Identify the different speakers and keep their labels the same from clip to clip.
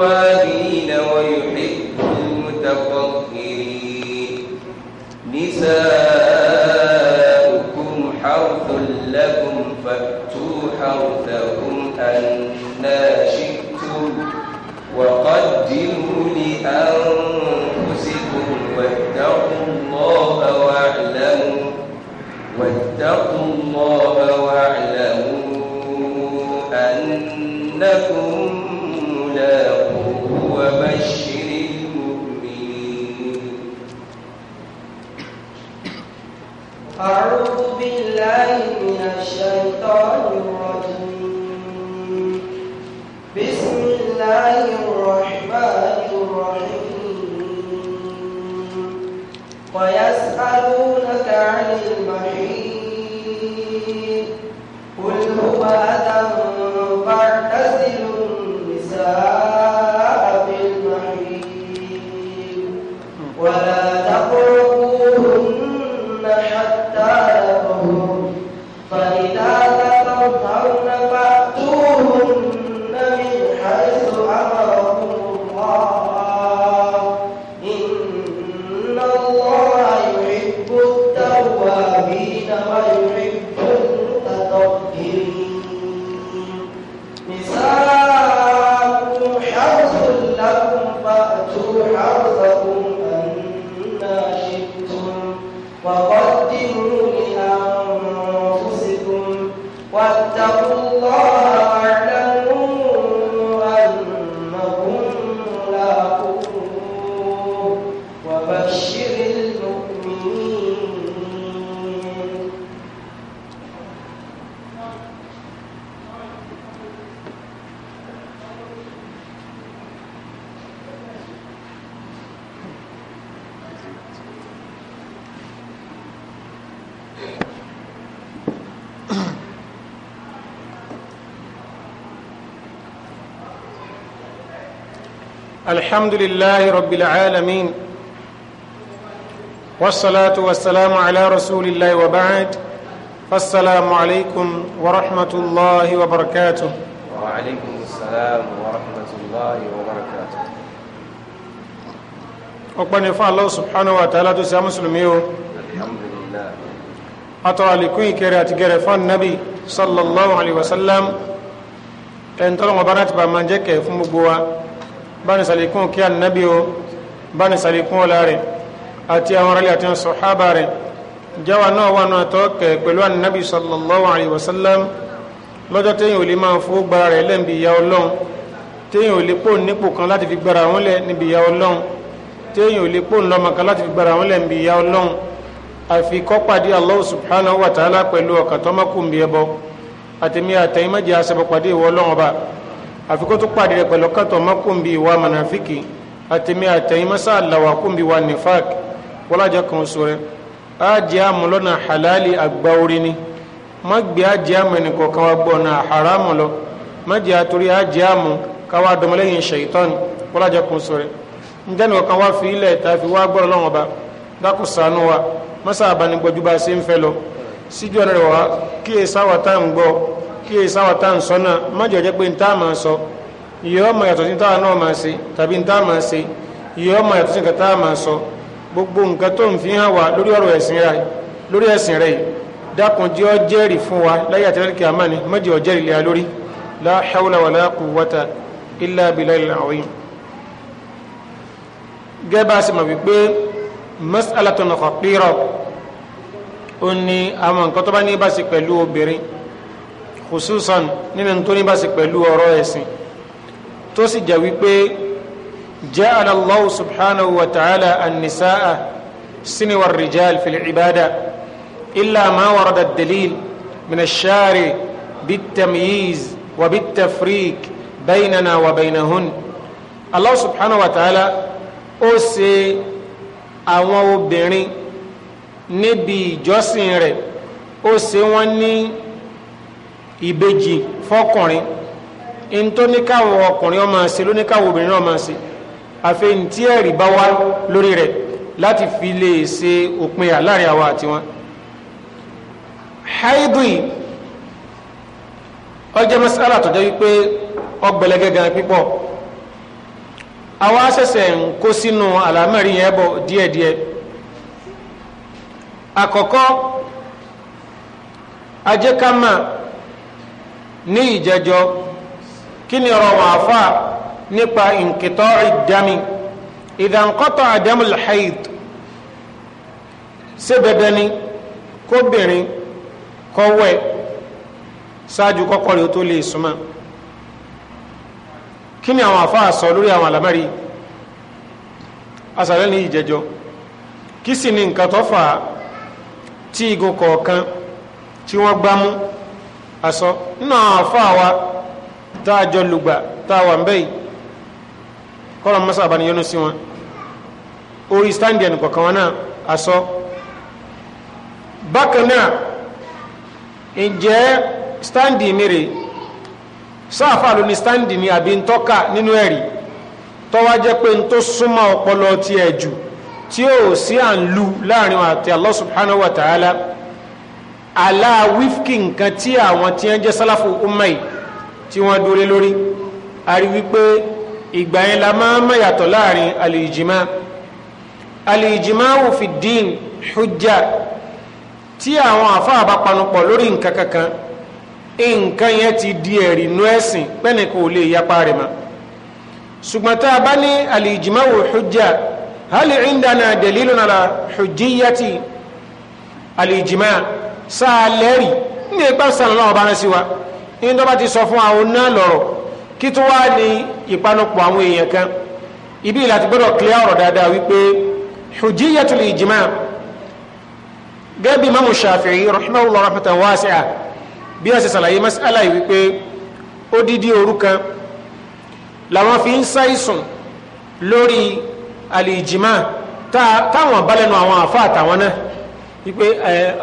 Speaker 1: الأوابين ويحب المتفكرين نساؤكم حرث لكم فأتوا حرثكم أنا شئتم وقدموا لأنفسكم واتقوا الله واعلموا واتقوا الله واعلموا أنكم بالله من الشيطان الرجيم بسم الله الرحمن الرحيم ويسألونك عن المحيط قل هو أذى فاعتزلوا النساء في المحيط ولا
Speaker 2: الحمد لله رب العالمين والصلاة والسلام على رسول الله وبعد فالسلام عليكم ورحمة الله وبركاته
Speaker 1: وعليكم السلام ورحمة الله
Speaker 2: وبركاته ọpẹ́ ni fún Allah subhanahu wa ta'ala tó sí a mùsùlùmí o àtọ̀rọ̀ àlékún ìkẹrẹ àti gẹrẹ fún nabi sallallahu alaihi wasallam ẹni tọ́lọ́mọba láti bá máa jẹ́ kẹ̀ fún gbogbo wa bani salikun kí annabi o bani salikun ọlá rẹ̀ àti àwọn aráàlú àti àwọn sọ̀hábà jáwa náà wà náà tọ́ kẹ̀ pẹ̀lú annabi sallallahu alayhi wa sallam lọ́jọ́ téèyàn ò lè máa fowó gbára rẹ̀ lẹ́nbi ìyá ọlọ́run téèyàn ò lè pò nípò kan láti fi gbára wọn lẹ̀ níbi ìyá ọlọ́run téèyàn ò lè pò ńlọmọ kan láti fi gbára wọn lẹ̀ níbi ìyá ọlọ́run àfi kọ́pàdé Allah subhanahu wa ta'ala pẹ̀lú ọ̀kàtọ́mọ́kùnbí ẹbọ àtẹ̀mí àtẹ̀yìn mẹ́jẹ àṣẹbọ̀pàdé ìwọ ọlọ́run ọba àfikún tó pàdé rẹ̀ pẹ̀lú kàtọ mọkùnbí wa mọnàfíkì àtẹmí àtẹyìn mọsá àlàwà kùnbí wa nìfàk wọlájà kan oṣù rẹ àjẹ àmúlọ́nà halali àgbà orí ni má gbé àjẹ àmú ẹnì kọ̀ọ̀kan wa gbọ́ ọ̀nà haramu lọ má jẹ́ àtòrí àjẹ àmú káwa dọmọlẹ́yìn ṣèyítọ́ni wọlájà kan oṣù rẹ njẹni kọ̀ọ̀kan wa fi ilẹ̀ tàfi wá gbọ́dọ̀ ba dákò sànú wa mọ́sá àbánigbọ́jú bá ọ̀nà rẹ̀ kí ẹ sáwà tá à ń sọ náà má jẹ́ jẹ́ pé n tá à máa sọ ìyẹ́ ọmọ yàtọ̀ sí táwa náà máa ṣe tàbí n tá à máa ṣe ìyẹ́ ọmọ yàtọ̀ sí nǹkan tá à máa sọ gbogbo nǹkan tó ń fi hàn wá lórí ọ̀rọ̀ ẹ̀sìn rẹ̀ lórí ẹ̀sìn rẹ̀ dákun jẹ́ ọ jẹ́rìí fún wa láyé àtẹ́lẹ́ kí a máa ní má jẹ́ ọ jẹ́rìí lórí la hawla wala quwwata illa billahil azim gẹ́gẹ́ bá sì mọ̀ wípé mas'alatun khatira ó ní àwọn nǹkan tó bá ní bá ṣe pẹ̀lú obìnrin khususan nínú tó ní bá sì pẹ̀lú ọ̀rọ̀ ẹ̀sìn tó sì jẹ́ wípé ja'ala Allahu subhanahu wa ta'ala an-nisaa sini wa rijal fil ibada illa ma warada ad-dalil min ash-shari bit-tamyiz wa bit-tafriq baynana wa baynahun Allah subhanahu wa ta'ala ó ṣe àwọn obìnrin níbi ìjọsìn rẹ̀ ó ṣe wọ́n ní ìbejì fọkùnrin ntọ́níkàwọ̀ ọkùnrin ọmọ ṣe lóníkàwọ̀ obìnrin ọmọ ṣe àfẹ́yìn tí ẹ̀rí bá wá lórí rẹ̀ láti fi lè ṣe òpin yà láàrin àti wọn. haidu yìí ọjọ́ mẹ́sàlá tó jẹ́ wípé ọgbẹ̀lẹ́gẹ́ gan pípọ̀ àwa ṣẹ̀ṣẹ̀ ń kó sínú àlámẹ́rin yẹn bọ̀ díẹ̀díẹ̀ àkọ́kọ́ ajẹ́kámà ní ìjẹjọ kí ni ọ̀rọ̀ wọn àfa nípa nkìtọ́ ìdámi ìdánkọ́tọ̀ àdámù lẹ́hàid ṣé dandan ni kóbìnrin kọ́wẹ́ ṣáájú kọ́kọ́ rẹ̀ ó tó lè súnmọ́ kí ni àwọn àfa sọ lórí àwọn àlámẹ́rí asàlẹ́ ní ìjẹjọ kí sì ni nǹkan fà tí igun kọ̀ọ̀kan tí wọ́n gbámú asọ nínú àwọn àfáà wa tá a jọ lùgbà tá a wà ń bẹ́yì kọ́lọ̀ mọ́sá àbániyọ́nú sí wọn orí stand ẹnì kọ̀ọ̀kan wọn náà asọ bákan náà ǹjẹ́ stand mèrè sáàfà ló ní stand ní àbí ń nínú ẹ̀rí tọ́wá jẹ́ pé ń súnmọ́ ọpọlọ tiẹ̀ jù tí ó sì à ń lu láàrin àti Allah subhanahu wa ta'ala aláwífkì nǹkan tí àwọn tí wọ́n jẹ́ sálàfù ummai tí wọ́n dúró lórí a rí wípé ìgbà yẹn la máa mọ̀ yàtọ̀ láàrin alìjìmá alìjìmá wò fi dín hujja tí àwọn àfáà bá panupọ̀ lórí nǹkan kankan nǹkan yẹn ti di ẹ̀rí inú ẹ̀sìn pẹ́ni kò lè yapa rẹ̀ mọ́ ṣùgbọ́n tá a bá ní alìjìmá wò hujja hali indana dalilun hujjiyati alìjìmá sáà lẹ́rì ní ipa sàn lọ́wọ́ bá rán sí wa ní tó bá ti sọ fún àwọn náà lọ́rọ̀ kí tó wá ní ìpanupọ̀ àwọn èèyàn kan ibi ìlà ti gbọ́dọ̀ clear ọ̀rọ̀ dáadáa wípé hujjiyatul ijma gẹ́gẹ́ bí mamu shafi'i rahimahullah rahmatan wasi'a bí wọ́n ṣe ṣàlàyé yìí wípé odidi òru kan làwọn fi ń ṣàìsùn lórí alìjìmá táwọn balẹ̀nu àwọn àfa àtàwọn náà wípé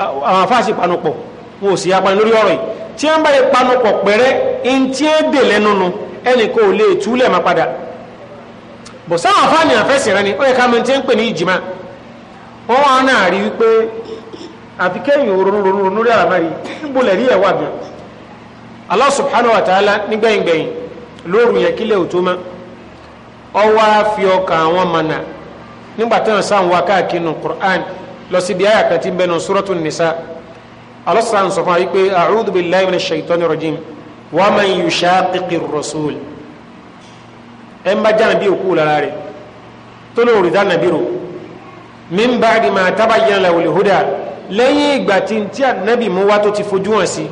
Speaker 2: àwọn afáàsì panupọ̀ wọn ò sì apani lórí ọ̀rọ̀ yìí tí wọ́n bá lè panupọ̀ pẹ̀rẹ́ ẹni tí ó dè lẹ́nu nu ẹnì kò lè túlẹ̀ padà bọ̀ sáwọn afáàní rẹ ni ó yẹ ká mọ̀ tí ń pè ní ìjìmá wọ́n wá náà rí wípé àfi kéyìn òrónúrónú lórí àlámárì níbo lẹ̀ rí ẹ̀ wà wa nígbẹ̀yìngbẹ̀yìn lọ síbi àyà kan tí ń bẹnu súrọ́tù nìsa alọ́sàn sọ fún wa wípé a'udhu billahi minash shaitani rajim wa man yushaqiqir rasul ẹ ń bá jáde bí òkú lára rẹ̀ tó lóò rí dáná bírò min ba'di ma tabayyana lahul huda lẹ́yìn ìgbà tí n tí ànábì mú wá tó ti fojú hàn sí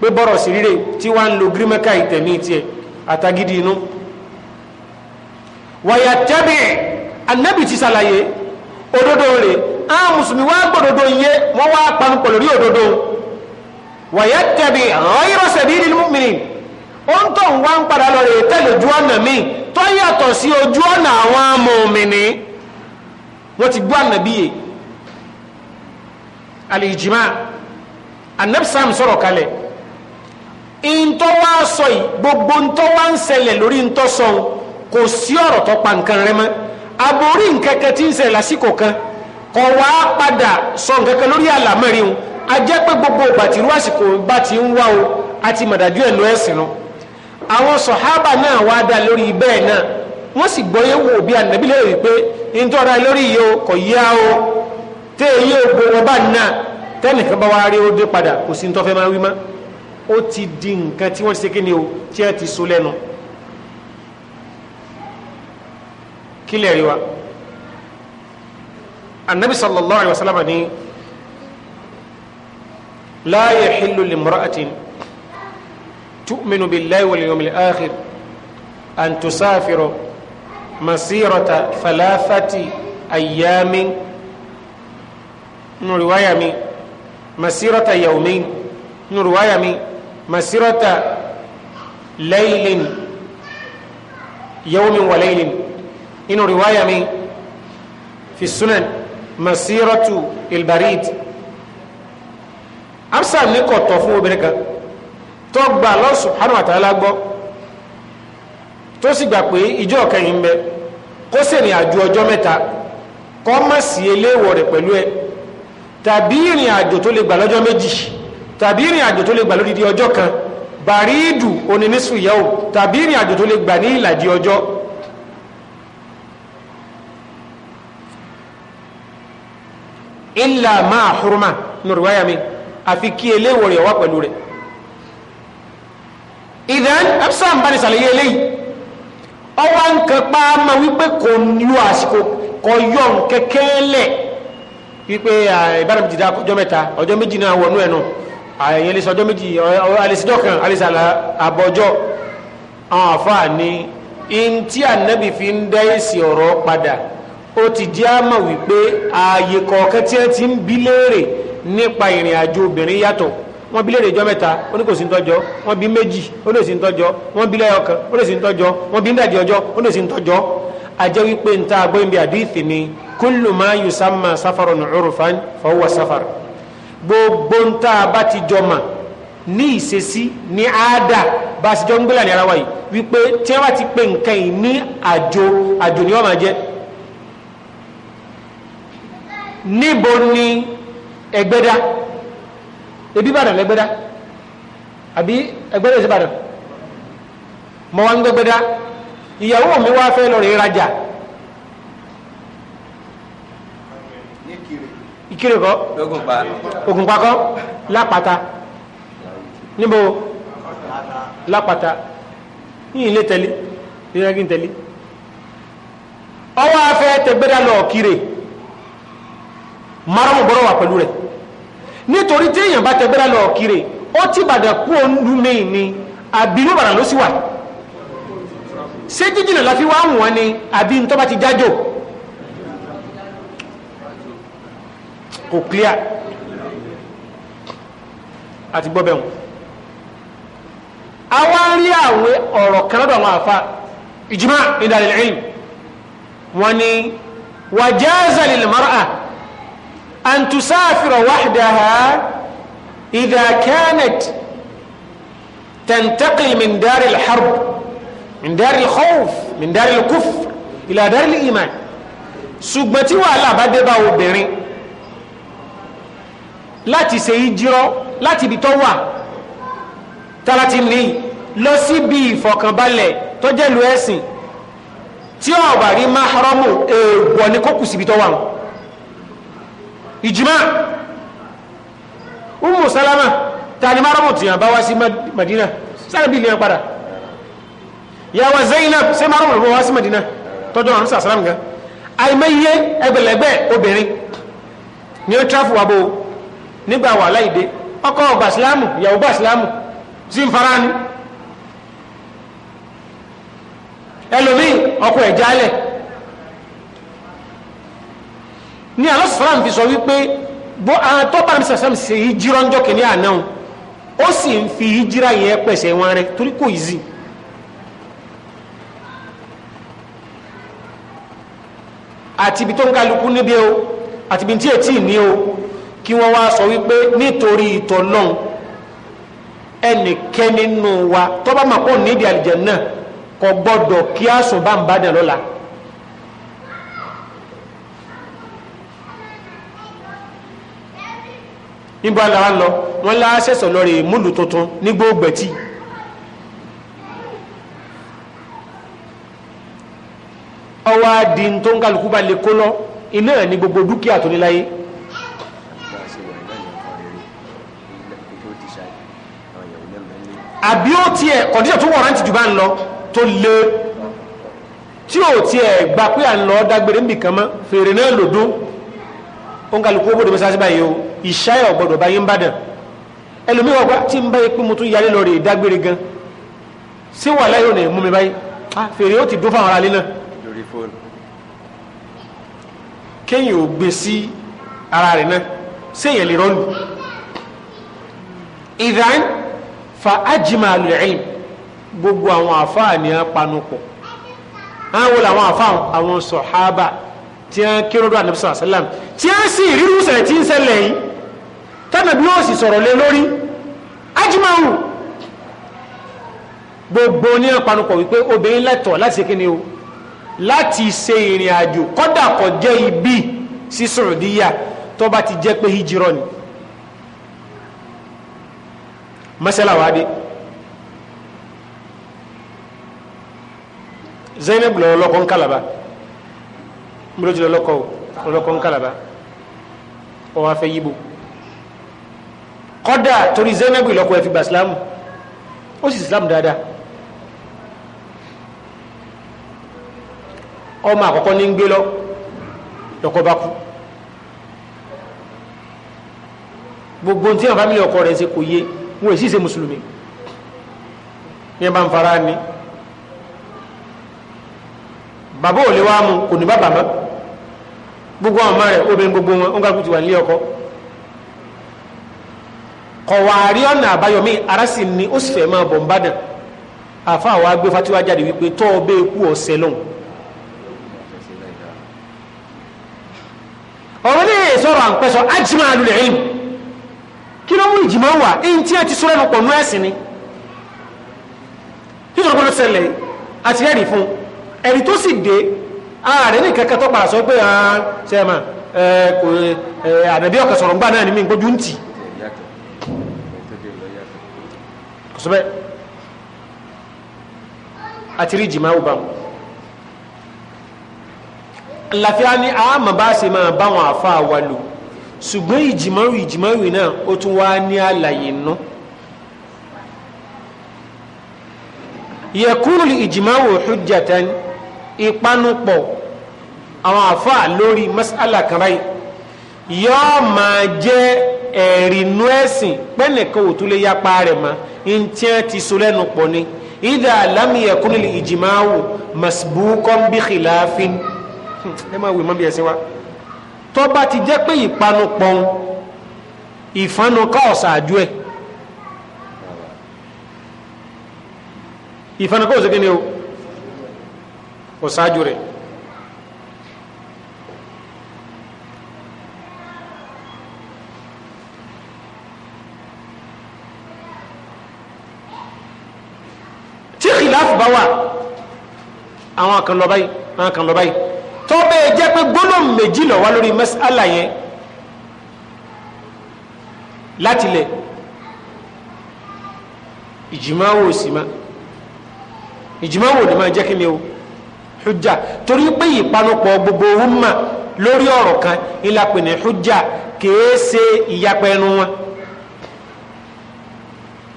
Speaker 2: pé bọ́rọ̀ sí rírè tí wàá ń lo gírímẹ́kà ìtẹ̀mí tiẹ̀ àtàgídí inú wàyà tẹ́bì ànábì ti ṣàlàyé òdodo rè á mùsùlùmí wá gbòdodo yé wọ́n wá panupọ̀ lórí òdodo wọ̀yẹ́ tẹ̀bi ọ̀yẹ́rọ̀ sẹ̀bi ìdílé mùmìnì ó ń tọ̀ ń wá ń padà lọ rè tẹ̀lé ojú ọ̀nà míì tó yàtọ̀ sí ojú ọ̀nà àwọn mùmìnì wọ́n ti gbọ́ ànàbíyè alìjìmá anabisam sọ̀rọ̀ kalẹ̀ ntọ́ wá sọ yìí gbogbo ntọ́ wá ń ṣẹlẹ̀ lórí ntọ́ sọ kò sí ọ̀rọ̀ tó pa nǹkan rẹ mọ́ aborí nkankan tí ń ṣe lásìkò kan kọ wá padà sọ nkankan lórí àlámọ́rí wọn a jẹ́ pé gbogbo bàtìrú àsìkò bá ti ń wá o àti màdàjú ẹ̀ lọ ẹ̀sìn lọ àwọn sọ̀hábà náà wá dá lórí bẹ́ẹ̀ náà wọ́n sì gbọ́ yẹ̀wò bí ànábì lè rí pé ntọ́ra lórí yìí o kò yá o tẹ́ èyí ò gbowó bá náà tẹ́nìkan bá wá rí ó dé padà kò sí ntọ́fẹ́ máa wí mọ́ ó ti di nǹkan tí wọ́n ti ṣe kí ni o tí ẹ ti so lẹ́nu. No kílẹ̀ rí wa anabi sallallahu alayhi wa sallam ni la yahillu limra'atin tu'minu billahi wal yawmil akhir an tusafira masirata thalathati ayyamin nu riwaya mi masirata yawmin nu riwaya mi masirata laylin yawmin wa laylin inú riwaya mi fi sunan masiratu ilbarid absa ní kò tọ́ fún obìnrin kan tó gba Allah subhanahu wa ta'ala gbọ́ tó sì gbà pé ìjọ kẹyìn ń bẹ kó sì rìn àjò ọjọ́ mẹ́ta kọ́ má sí eléwọ̀ rẹ̀ pẹ̀lú ẹ tàbí ìrìn àjò tó lè gbà lọ́jọ́ méjì tàbí ìrìn àjò tó lè gbà lódidi ọjọ́ kan bàrídù onínísùyẹ́wò tàbí ìrìn àjò tó lè gbà ní ìlàjì ọjọ́ illa máa huruma nùrùwáyà mi àfi kí eléwọ̀ rẹ̀ wá pẹ̀lú rẹ̀ ìdán absalom bá ní sàlẹ̀yẹ eléyìí ọwọ́ nǹkan pa ama wípé kò lo àsìkò kò yọ nkẹ́kẹ́ lẹ̀ wípé ìbáraẹni ti dá ọjọ́ mẹ́ta ọjọ́ méjì náà wọnú ẹ̀ náà àyẹ̀yẹ́ lè sọ ọjọ́ méjì alẹ́sìdọ́ kan alẹ́sàlá ó ti jẹ́ àmọ̀ wípé ààyè kọ̀ọ̀kan tí wọ́n ti ń bi léèrè nípa ìrìn àjò obìnrin yàtọ̀ wọ́n bi léèrè ìjọ mẹ́ta ó ní kò sí ń tọ́jọ́ wọ́n bi méjì ó lè sí ń tọ́jọ́ wọ́n bi lẹ́yọ̀ kan ó lè sí ń tọ́jọ́ wọ́n bi ń ọjọ́ ó lè sí ń tọ́jọ́ àjẹ́ wípé ń ta àgbọ̀ ibi àdìsí ni kullu ma yusamma safarun urfan fa huwa safar gbogbo ń ta bá ti jọ mà ní ìṣesí ní àádà bá a sì jọ ń gbélà ní ara wa wípé tí wọ́n bá ti pè nǹkan yìí ní àjò àjò ni wọ́n máa jẹ́ níbo ni ẹgbẹ́dá ebi bàdàn lẹ́gbẹ́dá àbí ẹgbẹ́dá èsì bàdàn mọ́ wá ń gbẹ́gbẹ́dá ìyàwó mi wá fẹ́ lọ rí rajà ìkírè kọ́ ògùnpá kọ́ lápáta níbo lápáta yìí lé tẹ̀lé ìrẹ́gí tẹ̀lé ọwọ́ afẹ́ tẹgbẹ́dá lọ kiri maramu gbọ́dọ̀ wà pẹ̀lú rẹ̀ nítorí tí èèyàn bá tẹgbẹ́rẹ́ lọ kiri ó ti bàdà kú olú mi ni àbínú bàrà ló sì wà ṣé jíjìnà la fi wá wọn ni àbí ntọ́ bá ti jájò kò clear àti gbọ́ a wá rí àwọn ọ̀rọ̀ kan àwọn àfa ìjìmá ìdàlẹ̀ ẹ̀yìn wọn ni wàjáàzà lil أن تسافر وحدها إذا كانت تنتقل من دار الحرب من دار الخوف من دار الكفر إلى دار الإيمان سجمتي وعلا بدبا وبرين láti ṣe ìjírọ́ láti ibi tó wà tàlátì ní lọ sí bí ìfọ̀kànbalẹ̀ tó jẹ́lu ẹ̀sìn tí ó bá rí máhárọ́mù ní kókù síbi tó wà wọn ìjìmá umu salama tani marabu tiyan bá wá si madina sáré bí ilé pada, ya yàwó zainab ṣé marabu lọ wá sí madina tọjọ àwọn sàsàràm gan àìmọye ẹgbẹlẹgbẹ obìnrin ní ó tráfù wà bó nígbà wà láìdé ọkọ ọgbà sílámù ìyàwó gbà sílámù sí ń fara ni ẹlòmíì ọkọ ẹ̀ jálẹ̀ ní alọ́sọ̀sọ́làm fi sọ wípé bó àtọ́ bá mi sàṣàm sí ìjírọ́ ń jọ́kẹ́ ní àná ó sì ń fi ìjírá yẹn pẹ̀sẹ̀ wọn rẹ torí kò yìí àti ibi tó ń kálukú níbi o àti ibi tí ètí ní o kí wọ́n wá sọ wípé nítorí ìtọ̀ náà ẹnìkẹ́ nínú wa tọ́ bá mà pọ̀ nídìí àlìjẹ̀ náà kò gbọ́dọ̀ kí a sùn bá ń bá dàn lọ́la. níbo la ń lọ wọn lá sẹ̀sọ̀ lọ́rẹ̀ múlù tuntun ní gbóògbẹ̀tì ọwọ́ adi tó ń kálukú bá lè kó lọ iná ní gbogbo dúkìá tó ní láyé. àbí ó tiẹ̀ kọ̀díṣà tó wọ̀rántì jù bá ń lọ tó lé tí ó tiẹ̀ gbà pé à ń lọ dágbére níbìkan mọ́ fèrè náà lòdún ó ń kálukú ó bòdò mẹ́sàásí báyìí o ìṣáyà ọ̀gbọ̀dọ̀ báyìí ń bàdàn ẹlòmíwà gbá tí ń báyìí pé mo tún yarí lọ rè dágbére gan sí wà láyò ní mú mi báyìí fèrè ó ti dún fáwọn aráalé náà kéèyàn ò gbé sí ara rẹ̀ náà séèyàn lè rọ́ọ̀lù ìdáhìn fa ájìmá lẹ́yìn gbogbo àwọn àfáà apanupọ̀ àwọn wo làwọn àfáà àwọn sọ̀hábà tí a kíròdó àdìbísà sẹ́lẹ̀m tí a sì rírúsẹ̀ tí ń ṣẹlẹ̀ yìí tánàbí ó sì sọ̀rọ̀ lé lórí ajímáhù gbogbo ní ọpanupọ̀ wípé obìnrin lẹ́tọ̀ láti kí ni o láti ṣe ìrìn àjò kọ́dà kọ́ jẹ́ ibi sí Saudiya tó bá ti jẹ́ pé hijirọ́ ni mọ́sálàwádé Zainab lọ́wọ́ ń kálàbà mbolo jula lọkọ loko lọkọ ń kalaba o wa fẹ́ yibo kódà torí zainabu lọkọ ẹfi ba silamu ó sì silamu dáadáa ọmọ àkọ́kọ́ ní ń gbé lọ lọkọ bá kú gbogbo tí wọn fámìlì ọkọ rẹ̀ ṣe kò yé wọn èsì ṣe mùsùlùmí ní ẹ bá fara ni bàbá ò lè wá mu kò ní bàbá mọ́. gbogbo àwọn ọmọ rẹ̀ obìnrin gbogbo wọn ó ń ti wà nílé ọkọ kọ̀wárí ọ̀nà àbáyọmí ara sì ni ó sì fẹ́ máa bọ̀ ń bàdàn àfa àwọn agbé fatiwa jáde wípé tọ́ ọ bẹ́ẹ̀ ọ̀sẹ̀ lọ́hùn. ọ̀rọ̀ ní ìsọ̀rọ̀ à ń alulẹ̀ ẹ̀yìn kí ló mú ìjìmá wà ẹ̀yìn tí a ti sọ̀rọ̀ ẹ̀nu pọ̀ ẹ̀sìn ni nítorí pé ló ṣẹlẹ̀ àti ẹ̀rí fún ẹ̀rí tó sì dé ààrẹ ní kẹ́kẹ́ tó pàṣọ pé ṣẹ́mà àdàbí ọ̀kẹ́ sọ̀rọ̀ ńgbà náà ni mi gbójú ń tì kọ̀sọ́bẹ́ àti rí jìmá ọba láfíà ní àmà bá ṣe máa báwọn àfa wa lò ṣùgbọ́n ìjìmọ̀rù ìjìmọ̀rù náà ó tún wá ní àlàyé náà yẹkúrò ìjìmọ̀rù hujjatan ìpanupọ̀ àwọn àfáà lórí mas'ala kan báyìí yóò máa jẹ́ ẹ̀rí inú ẹ̀sìn pẹ́ẹ́nìkan ò tún lè yapa rẹ̀ mọ́ ntí ẹ ti so lẹ́nu pọ̀ ni ìdá alámìyẹ̀kúnlẹ̀ ìjìmáwò masbúkọ́n bí khilafin hm, ẹ máa wè mọ́ bí ẹ̀sìn wa tó bá ti jẹ́ pé ìpanu pọ̀n ìfanu ká ọ̀sàájú ẹ̀ ìfanu ká ọ̀sàájú ẹ̀ bá wà àwọn kan lọ báyìí àwọn kan lọ báyìí tó bẹ́ẹ̀ jẹ́ pé gbólóhùn méjì lọ wá lórí mẹ́sàlá yẹn láti lẹ̀ ìjìmá wò sí ma ìjìmá wò ni máa jẹ́ kí ni o hujja torí pé ìpanupọ̀ gbogbo umma lórí ọ̀rọ̀ kan ìlàpẹ̀ ní hujja kìí ṣe ìyapẹ̀ ẹnu wọn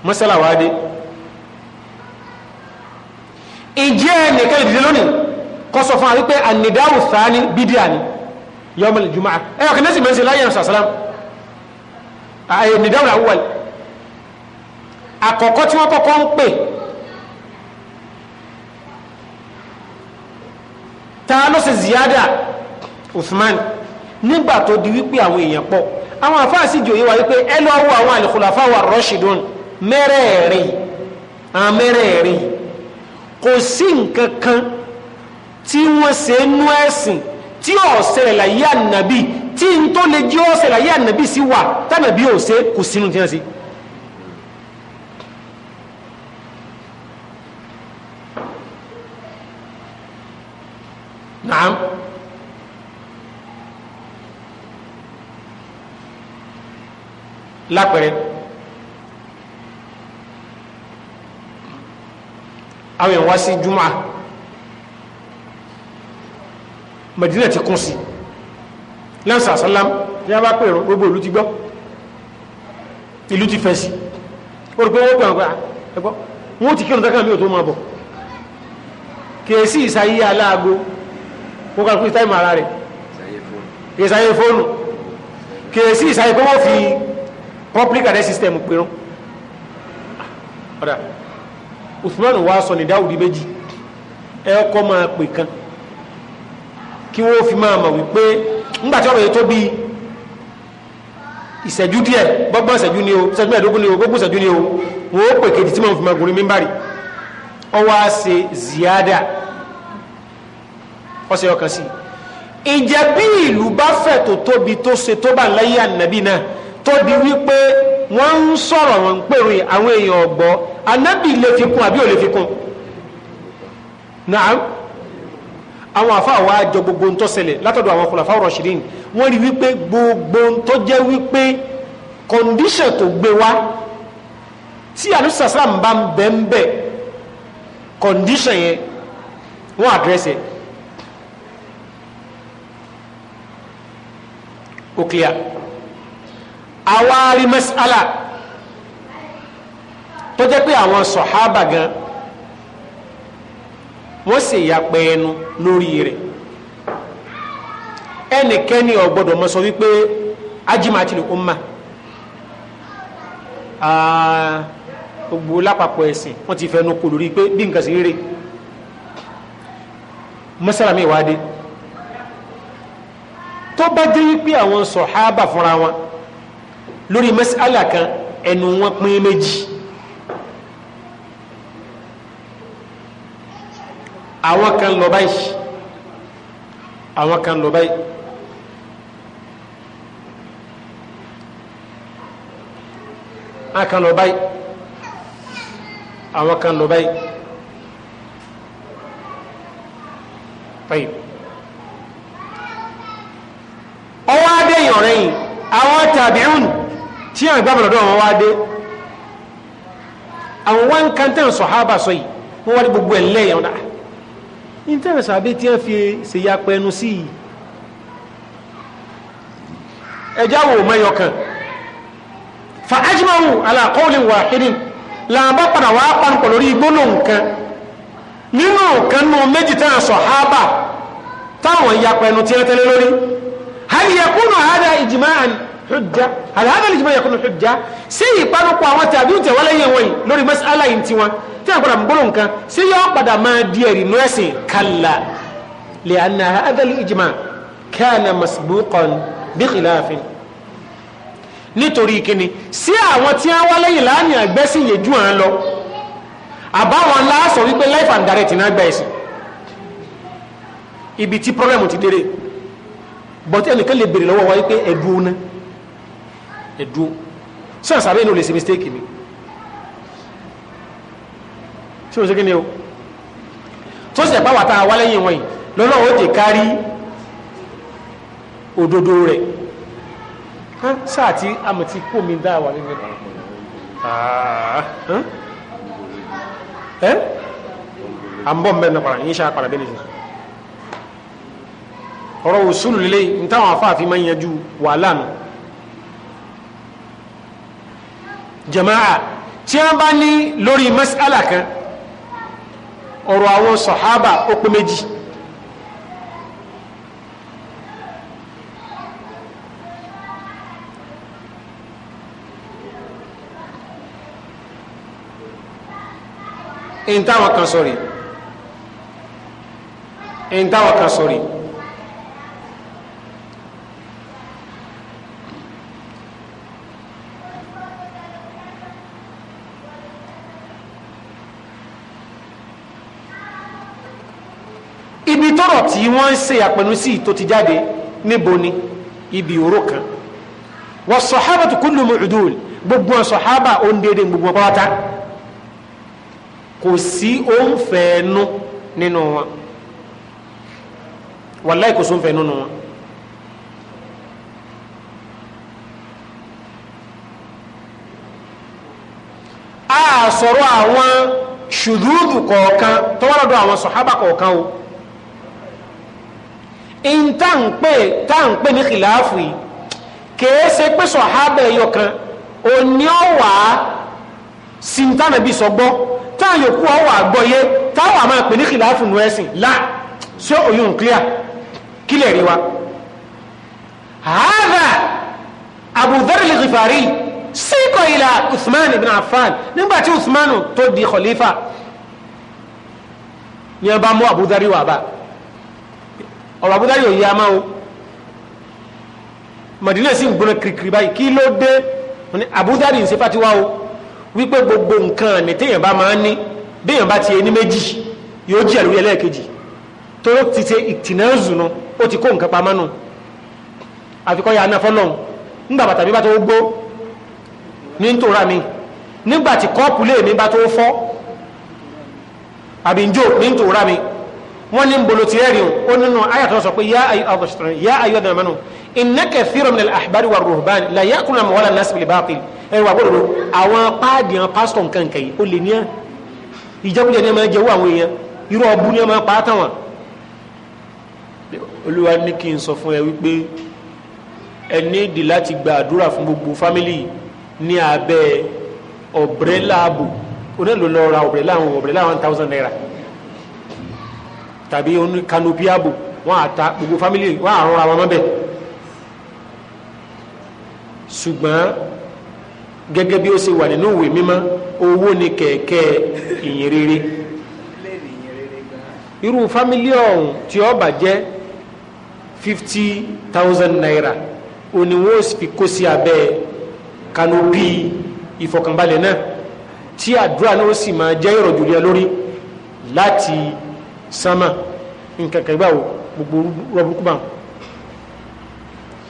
Speaker 2: mọ́sálà wáá dé ìjẹ́ ẹnìkan ìdílé lónìí kọ́ sọ fún wa wípé ànídáwò sáání bídíà ni yọmọ ìjùmọ̀ ẹ ọ̀kan ní sì mẹ́sì láyé ẹ̀rọ sàṣàlám ànídáwò àwùwàlì àkọ́kọ́ tí wọ́n kọ́kọ́ ń pè ta ló ṣe ziyada Usman nígbà tó di wípé àwọn èèyàn pọ̀ àwọn àfáàsì jòyè wa wípé ẹ àwọn àlùkùlà fáwọn rọ́ṣìdùn mẹ́rẹ̀ẹ̀rin àwọn mẹ́rẹ̀ẹ̀rin kò sí nǹkan kan tí wọ́n ṣe nú ẹ̀sìn tí ọ̀sẹ̀rẹ̀ láyé ànàbí tí n tó lè jẹ́ ọ̀sẹ̀rẹ̀ láyé ànàbí sí wà tànàbí ò ṣe kò sínú tí wọ́n ṣe. naam àwọn èèyàn wá sí júmọ́ Madina ti kún sí lẹ́nsà sálám ní a bá pè rán gbogbo ìlú ti gbọ́ ìlú ti fẹ́ sí ó rí pé wọ́n gbàgbà ẹgbọ́ wọ́n ti kírun tákàmí ò tó máa bọ̀ kèésì ìsáyé aláàgó wọ́n kàrùkú ìsáyé màrá rẹ̀ ìsáyé fóònù kèésì ìsáyé pé wọ́n fi public address system pèrún ọ̀dà Uthman wa sọ ní dáwùdí méjì ẹkọ máa pè kan kí wọ́n fi máa mọ̀ wípé ńgbàtí ọ̀rọ̀ yìí tó bí ìṣẹ́jú díẹ̀ gbọ́gbọ́n ni o ìṣẹ́jú mẹ́ẹ̀ẹ́dógún ni o gbogbo ni o wọ́n ó pè kejì tí fi máa gùn mímbàrì ọwọ́ á ṣe ziyada ọ̀sẹ̀ ọkàn sí ìjẹ́ bí ìlú bá fẹ̀ tó tóbi tó wọ́n ń sọ̀rọ̀ wọn ń pèrò àwọn èèyàn ọ̀gbọ́ anábì lè fi kún àbí ò lè fi kún náà àwọn àfáà wa jọ gbogbo ń tó ṣẹlẹ̀ látọ̀dọ̀ àwọn khulafa rashidin wọ́n rí wípé gbogbo ń tó jẹ́ wípé kọ̀ǹdíṣàn tó gbé wá tí àdúsàsàm bá ń bẹ̀ ń bẹ̀ kọ̀ǹdíṣàn yẹn wọ́n àdírẹ́sì ó clear àwárí mẹ́sàlá tó jẹ́ pé àwọn sọ̀hábà gan wọ́n sì ya pẹ́ ẹnu lórí rẹ̀ ẹnikẹ́ni ò gbọ́dọ̀ sọ wípé ajimatil umma gbogbo lápapọ̀ ẹ̀sìn wọ́n ti fẹ́ nu kò lórí pé bí nǹkan sì rí rèé mọ́sálàmí ìwádìí tó bá jẹ́ wípé àwọn sọ̀hábà fúnra wọn lórí mẹ́sàlá kan ẹnu wọn pín méjì àwọn kan lọ báyìí àwọn kan lọ báyìí àwọn kan lọ báyìí àwọn kan lọ báyìí báyìí ọwọ́ adéyàn rẹ̀ àwọn tàbí ọ̀nù tí àwọn ìgbàbọ̀lọ́dọ̀ wọn wá dé àwọn wá ń kan tẹ́ sọ̀hábà sọ yìí wọ́n wá ní gbogbo ẹ̀ lẹ́yìn ọ̀nà ìtẹ́rẹ̀ sàbí tí wọ́n fi ṣèyà pẹnu sí i ẹjá wò mẹ́yọ kan fa ajimahu ala qawlin wahidin làbá padà wá panupọ̀ lórí igbóná nǹkan nínú nǹkan nù méjì tẹ́ sọ̀hábà táwọn ìyapẹnu tí wọ́n tẹ́lẹ̀ lórí hal yakunu hada hujja aláàbẹ̀lì jùmọ̀ yẹ̀kùnù hujja sí ìpanupọ̀ àwọn tàbí ń tẹ̀wọ́ lẹ́yìn wọ̀nyí lórí mas'ala yìí tiwọn tí wọ́n padà ń gbóló nǹkan sí yọ́ padà máa di ẹ̀rí nú ẹ̀sìn kalla lè anna hadhal ijma kana masbuqan bi khilafin nítorí kíni sí àwọn tí wọ́n wá lẹ́yìn láàrin àgbẹ́sìn yẹn jù án lọ àbáwọn láàsọ wípé life and direct náà gbà ẹ̀sìn ibi tí problem ti dére bọ́tẹ́ ẹnìkan lè béèrè lọ́wọ́ wa wípé ẹ̀dùn náà ẹ̀dúró sàn sàbẹ̀ ní o lè ṣe mistake ni ṣé o ṣe kí ni o tó sì ẹ̀pá wàtá wálẹ́yìn wọ̀nyí lọ́nà ó ti kárí òdodo rẹ̀ sáà tí a mọ̀ tí kò mi dá wà nínú ẹ̀ à ń bọ̀ mbẹ́ nípa yín ṣe àpàdé nìyí ọ̀rọ̀ òṣùlù lélẹ́yìn ní táwọn afáàfin máa ń yanjú wàhálà nù. jama'a tí wọ́n bá ní lórí mas'ala kan ọ̀rọ̀ àwọn sọ̀hábà ó pé méjì èyí táwọn kan sọ̀rọ̀ èyí táwọn kan sọ̀rọ̀ ibi tọ́rọ̀ tí wọ́n ń ṣe àpẹnu sí tó ti jáde níbo ni ibi òró kan wọ́n sọ̀hábà tó kúlù mú ìdúró gbogbo wọn sọ̀hábà ó ń déédéé gbogbo pátá kò sí òǹfẹ̀ẹ́nu nínú wọn wàláì kò sóǹfẹ̀ẹ́nu nínú wọn. a sọ̀rọ̀ àwọn ṣùdúùdù kọ̀ọ̀kan tọ́wọ́lọ́dọ̀ àwọn sọ̀hábà kọ̀ọ̀kan o in tá n pè tá n pè ní kìláàfù yìí kèé ṣe pé sọ̀hábẹ̀ ẹ̀yọ kan òní ọ̀wà sìntánàbí sọgbọ́ táwọn yòókù ọ̀wà àgbọ̀yé táwọn àmọ́ pè ní kìláàfù nù ẹ̀sìn lá ṣé òyìn clear kílẹ̀ rí wa. hadha Abu Dharr al-Ghifari síkọ̀ ìlà Uthman ibn Affan nígbàtí Uthman tó di khalifa ní ẹ bá mú Abu Dharr ọ̀rọ̀ àbúdá yóò yí amá o mọ̀dílé sí gbóná kìrìkìrì báyìí kí ló dé àbúdá rí ṣe fatiwa o wípé gbogbo nǹkan ní téèyàn bá máa ń ní béèyàn bá ti ní méjì yóò jìyà lórí ẹlẹ́ẹ̀kejì tóró ti ṣe ìtìnẹ́zù nu ó ti kó nǹkan pamọ́ nu àfikọ́ ya anáfọ́ náà bàtà mi bá tó gbó ní ntòra mi nígbà tí kọ́ọ̀pù lé mi bá tó fọ́ àbí njó ní ntòra mi wọ́n ní bolo ti rẹ́rìn ó nínú ayàtọ̀ sọ pé yá ayọ́ dànù mẹ́nu iná kẹfìrọ̀ nílẹ̀ àhìbárí wa ruhban la yá kúrò àmọ́ wàlá násìbìlì báàpì ẹ̀rọ wà gbọ́dọ̀ àwọn páàdì pásítọ̀ nǹkan kan yìí ó lè ní ìjẹ́kújẹ́ ní ẹ̀ máa jẹ́ owó àwọn èèyàn irú ọbú ní ẹ̀ máa pa á olúwa ní kí n sọ fún ẹ wípé ẹ ní láti gba àdúrà fún gbogbo fámìlì ní abẹ́ ọ̀brẹ́là ààbò onílò lọ́ọ́ ra ọ̀brẹ́là àwọn ọ̀brẹ́là one thousand naira tàbí kanopiabo wọn àta gbogbo fámìlì wọn àrùn àwọn ọmọ bẹ́ẹ̀ ṣùgbọ́n gẹ́gẹ́ bí ó ṣe wà nínú ìwé mímọ́ owó ni kẹ̀kẹ́ ìyìn irú fámílì ọ̀hún tí ó bà jẹ́ fifty thousand naira oníwó fi kó sí abẹ́ kanopi ìfọ̀kànbalẹ̀ náà tí àdúrà náà ó sì máa jẹ́ ìrọ̀jùlẹ̀ lórí láti sánmà nkankan ìgbà wo gbogbo rọ̀bùkú bá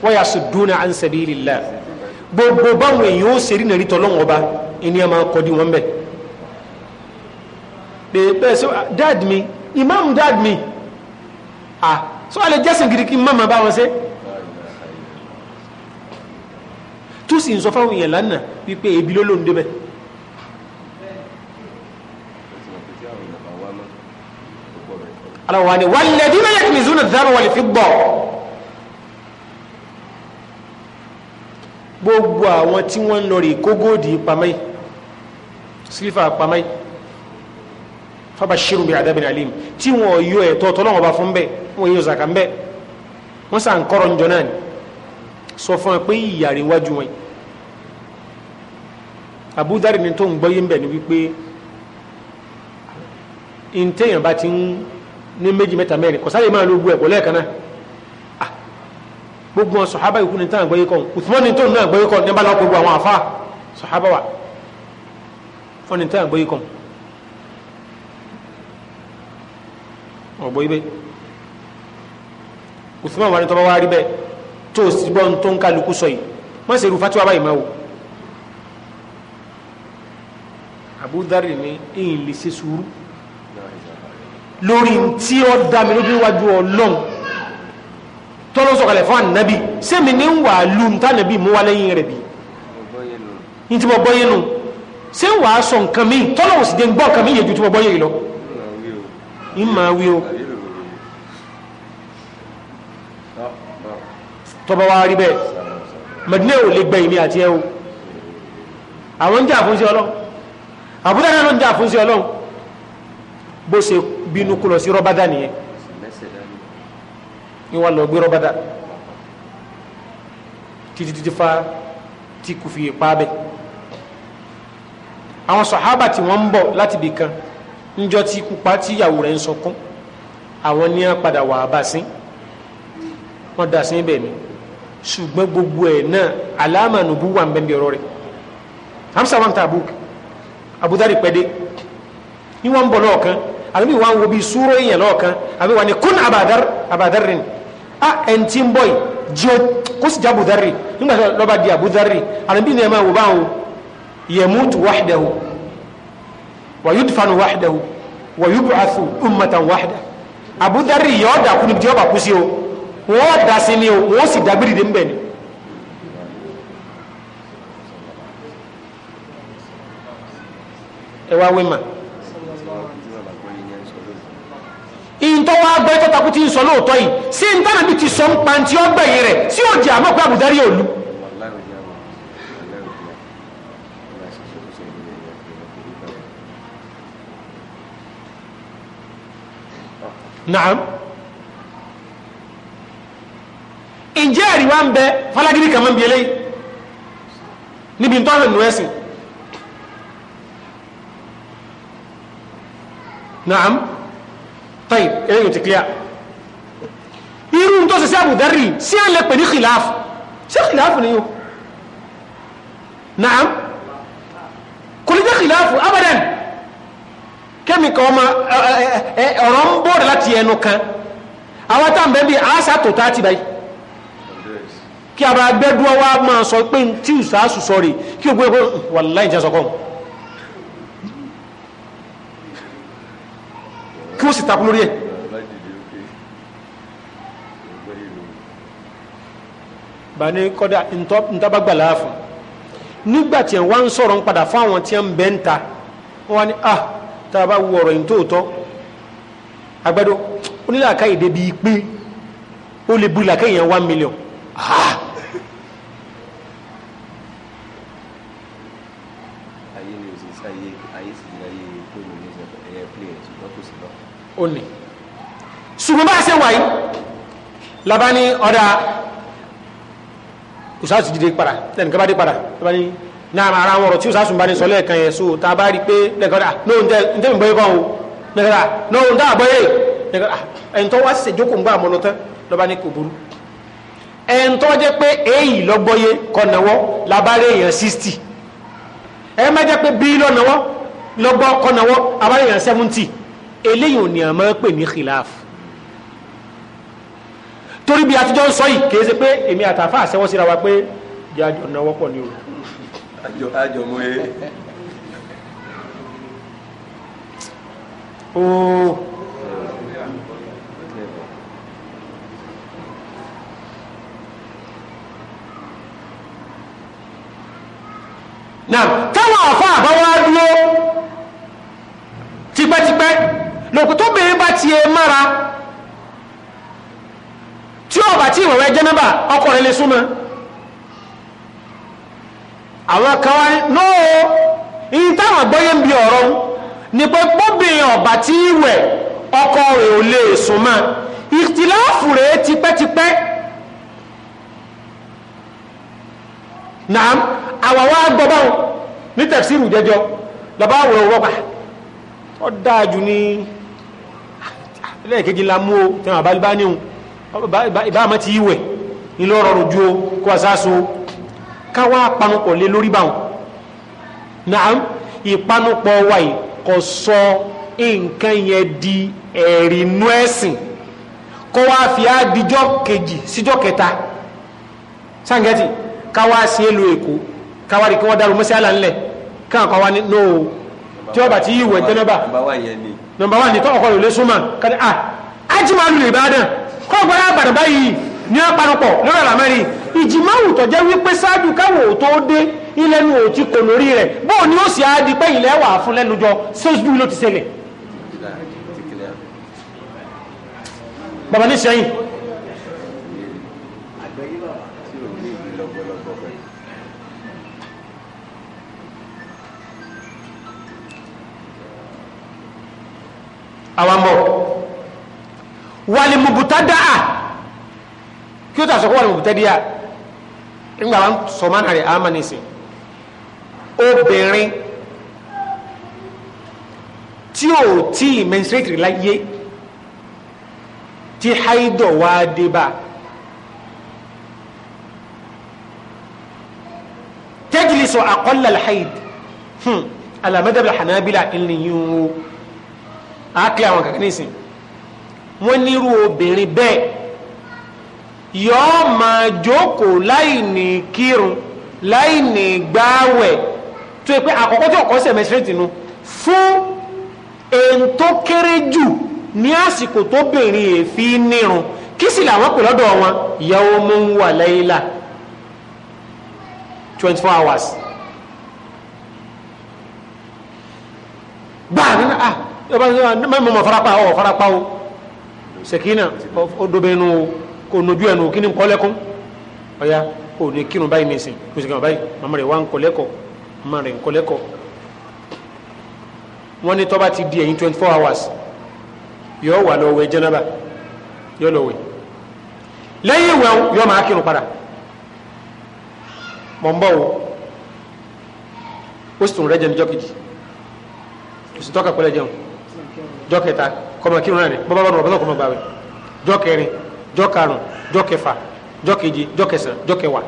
Speaker 2: wọ́n yà sùdúnà an sabilillah gbogbo báwọn èèyàn ó ṣe rí nàrí tọ́lọ́wọ́n ọba ẹni a máa kọ́ di wọn bẹ́ẹ̀ bẹ́ẹ̀ so dad mi imam dad mi ah so alẹ́ jẹ́sìn gidi kí n má máa bá wọn ṣe. tó sì ń sọ
Speaker 1: aláwọ̀ ni walladhina yaknizuna adh-dhahaba wal-fidda
Speaker 2: gbogbo àwọn tí wọ́n ń lọ rí kó góòdì pamẹ́ sílífà pamẹ́ fabashirhum bi'adhabin alim tí wọ́n yọ ẹ̀tọ́ tọ́lọ́wọ́ bá fún bẹ́ẹ̀ wọ́n yọ zàkà ń bẹ́ẹ̀ wọ́n sàn kọ́rọ̀ ń jọ náà ni sọ fún ẹ pé ìyàrí wájú wọn abudari ni tó ń gbọ́yé ń bẹ̀ ni wípé ntẹ́yìn bá ti ń ní méjì mẹ́ta mẹ́rin kọ̀sáré máa lo gbogbo ẹ̀kọ́ lẹ́ẹ̀kan náà ah, gbogbo wọn sọ̀hábà ìkú ní tán àgbáyé kan Uthman ní tó ní àgbáyé kan ní bá lọ́pọ̀ gbogbo àwọn àfáà sọ̀hábà wà fún ní tán àgbáyé kan ọ̀gbọ́ ibẹ̀ Uthman wà ní tọ́ba wá rí bẹ́ẹ̀ tó sì bọ́ ní tó ń kálukú sọ yìí wọ́n sì rú fatiwa báyìí máa wò Abu Dharr ní èyí lè ṣe sùúrù lórí tí ó dámi lójú wájú ọlọ́run tọ́lọ́ sọ̀kalẹ̀ fún ànábì sẹ́mi ní wà lù ń tànàbì mú wá lẹ́yìn rẹ̀ bí ní tí mo gbọ́yé nù ṣé wàá sọ nǹkan mi tọ́lọ́ òsì dé ń gbọ́ nǹkan mi yẹ ju tí mo gbọ́yé lọ
Speaker 1: ń máa wí o tọba wa rí bẹ́ẹ̀
Speaker 2: Madina ò lè gbẹ̀yìn mi àti ẹ o àwọn ń jà fún sí ọlọ́run bó ṣe bínú kó lọ sí rọ́bádà nìyẹn ni wọ́n lọ gbé rọ́bádà títí títí fa tí kò fi pa bẹ́ẹ̀ àwọn sọ̀hábà tí wọ́n ń bọ̀ láti bì kan níjọ́ tí pupa tí ìyàwó rẹ̀ ń sọkún àwọn ní á padà wà bá sí wọ́n dà sí ibẹ̀ ni ṣùgbọ́n gbogbo ẹ̀ náà aláàmànù wà ń bẹ́ẹ̀ ọ̀rọ̀ rẹ̀ hamsa wa ń ta àbúk abudari pẹ́dé ni wọ́n ń bọ̀ lọ́ọ̀kan àbí wọn wo bí súró èèyàn lọ́ọ̀kan àbí wọn ni kún àbàdárì ni a ẹn tí ń bọ̀ yìí jí o kó sì já budari nígbà tí lọ́ba di abudari àbí ní ẹ̀ máa wò bá wọn yẹmútu wa yudfanu wáḥdahu wa yub'athu ummatan wáḥda abudari yọ ọ́ dàkú níbi tí ọba kú o wọ́n da sí ni o wọ́n sì dágbére dé ń ni. ẹ wá ìntọ́ wa gbọ́ ẹ̀tọ́ takú ti ń sọ lóòótọ́ yìí sí ìntọ́nà bí ti sọ ń pa tí ó gbẹ̀yìn rẹ̀ tí ó jẹ́ àmọ́ pé àbùdárí òlu. naam ìjẹ́ ẹ̀rí wa ń bẹ falagiri kan máa ń bi eléyìí níbi ìntọ́nà nù ẹ̀sìn. naam taib eléyìn ti clear irú tó ṣe sí àbùdárì sí à ń lè pè ní khilaf ṣé khilaf ni yóò naam kò lè jẹ́ khilaf abadan kẹ́mìkà ọmọ ọ̀rọ̀ ń bọ̀rẹ̀ láti ẹnu kan àwọn táǹbẹ́ bíi àṣà tó tá ti báyìí kí a bá gbẹ́dúọ́ wa máa sọ pé tí ò sáà sùsọ rè kí o gbé wàláì jẹ́ sọ́kọ́ mu. kí ó sì takú lórí ẹ̀. bani kọ́dà ntabagbà láàfin nígbà tí wọ́n ń sọ̀rọ̀ ń padà fáwọn tí wọ́n bẹ́ ń ta wọ́n wá ní ah, a tá ọ̀rọ̀ yìí tóòtọ́ agbẹ́dọ́ onílàáká èdè bíi pé ó lè bu làákà èèyàn one million ah!
Speaker 1: ayé ni o sì sáyé ayé sì di
Speaker 2: ayé kó lóyún ẹ̀yẹ pílẹ̀ ẹ̀ ṣùgbọ́n sí lọ́wọ́ ó ní ṣùgbọ́n bá ṣe wáyé labá ní ọ̀dà ìsáàsù dìde padà lẹ́nu kábàdé padà labá ní náà ara wọn ọ̀rọ̀ tí ìsáàsù bá ní sọ lẹ́ẹ̀kan yẹn so tá a bá rí i pé lẹ́kọ̀ọ́dà lóhun ah, tẹ́ ń tẹ́mi bọ́yé kan o lẹ́kọ̀ọ́dà lóhun tá a bọ́yé lẹ́kọ̀ọ́dà ẹ̀ń tó wá ṣe jókòó ń gbà mọ́ lọ́tán lọ́ba ní kò burú ẹ̀ń tó jẹ́ pé èyí lọ́gbọ́yé kọ̀nàwọ́ labá rẹ̀ èèyàn sixty ẹ̀ má jẹ́ pé bí lọ́nàwọ́ lọ́gbọ́ kọ̀nàwọ́ abáyé èèyàn seventy eléyìí ni a máa pè ní khilaf torí bí atijọ́ ń sọ yìí kìí ṣe pé èmi àtàfà àṣẹwọ́ síra wa pé jẹ́ àjọ náwó pọ̀ ní o. àjọ mú e. ooo. náà táwọn àfa àbáwá dúró tipẹ́tipẹ́ mọ̀kú tó bèèrè bá ti ẹ mára tí ọba tí ìwẹ̀wẹ̀ jẹ́nàbà ọkọ rẹ̀ lè súnmọ́ àwọn kan wá náà ìyí táwọn gbọ́yé ń bi ọ̀rọ̀ ni pé gbọ́bìnrin ọba tí ìwẹ̀ ọkọ rẹ̀ ò lè súnmọ́ ìtìláàfù rẹ̀ tipẹ́tipẹ́ naam àwọn wa gbọ́bọ̀n ní tẹ̀síìrù jẹjọ lọ́bàá wòrò wọ́pàá ó dáa jù ní lẹ́ẹ̀kejì la mú o tí wọn àbálí bá níhun ìbá àmọ́ ti ìwẹ̀ ńlọrọ̀ rojú o kó àsáso káwá panupọ̀ lé lórí báwọn naam ìpanupọ̀ wa yìí kò sọ nǹkan yẹn di ẹ̀rínú ẹ̀sìn kó wá fi àdìjọ́ kejì síjọ́ kẹta sangẹ́tì káwá sí èlò èkó káwá rí kí wọ́n dárò mọ́sí àlà ńlẹ̀ ní nóò tí wọ́n bá ti yíwẹ̀ tẹ́lẹ̀ nọmba wà ní tọ́kọ̀ lè súnmọ́ kàdé à ájímọ̀ alùlẹ̀ ìbàdàn kọ́gbọ́n àbàdàn báyìí ní apanupọ̀ lọ́rọ̀ làmẹ́rì ìjìmáwù tọ́jẹ́ wípé ṣáájú káwọ̀ tó dé ilẹ̀nu ò ti kò lórí rẹ̀ bóò ni ó sì á di pé ilẹ̀ wà fún lẹ́nu jọ sẹ́sùdú ló ti ṣẹlẹ̀ bàbá ní sẹ́yìn àwàmọ̀ wàlìmùbùtádàá kí ó tà sọ́kọ́ wàlìmùbùtádàá ńgbà wọn sọ máa nàrí àmànìsì obìnrin tí ò tí menstruate láyé tí haidọ̀ wá dé bá tẹ́jìlì sọ àkọ́lá alhaid hmm. alamẹ́dàbà hanabila ìlú á kí àwọn kankan nísìn wọ́n nírú obìnrin bẹ́ẹ̀ yọ́ọ́ máa jókòó láì ní kírun láì ní gbáwẹ̀ tó yẹ pé àkọ́kọ́ tí ọ̀kọ́ sẹ̀ mẹ́sírẹ́tì nu fún èyí tó kéré jù ní àsìkò tó bìnrin èéfí nírun kí sì làwọn pè lọ́dọ̀ wọn yawmun wa layla twenty four hours. yọba mẹ́mọ́ mọ̀ farapa ọ̀ farapa o sẹ̀kínà ọdọ́bẹ̀nu o kò nojú ẹnu kí ni ń kọ́lẹ́kún ọ̀ya ò ní kírun báyìí nìsín kò sì kàn báyìí màmá rẹ̀ wá ń kọ́lẹ́kọ̀ màmá rẹ̀ ń kọ́lẹ́kọ̀ wọ́n ní tọ́ba ti di ẹ̀yìn twenty four hours yọ wà lọ wẹ̀ jẹ́nàbà yọ lọ wẹ̀ lẹ́yìn ìwẹ̀ yọ máa kírun padà mọ̀ ń bọ̀ o ó sì tún rẹ́jẹ̀ níjọ́ kejì ó sì tọ́ka pẹ́lẹ́ jẹun jọ́ kẹta kọ́mọ kírun náà ni bọ́bá bá nù ọ̀bẹ́sọ̀ kọ́mọ gbàwẹ̀ jọ́ kẹrin jọ́ karùn-ún jọ́ kẹfà jọ́ keje jọ́ kẹsàn jọ́ kẹwàá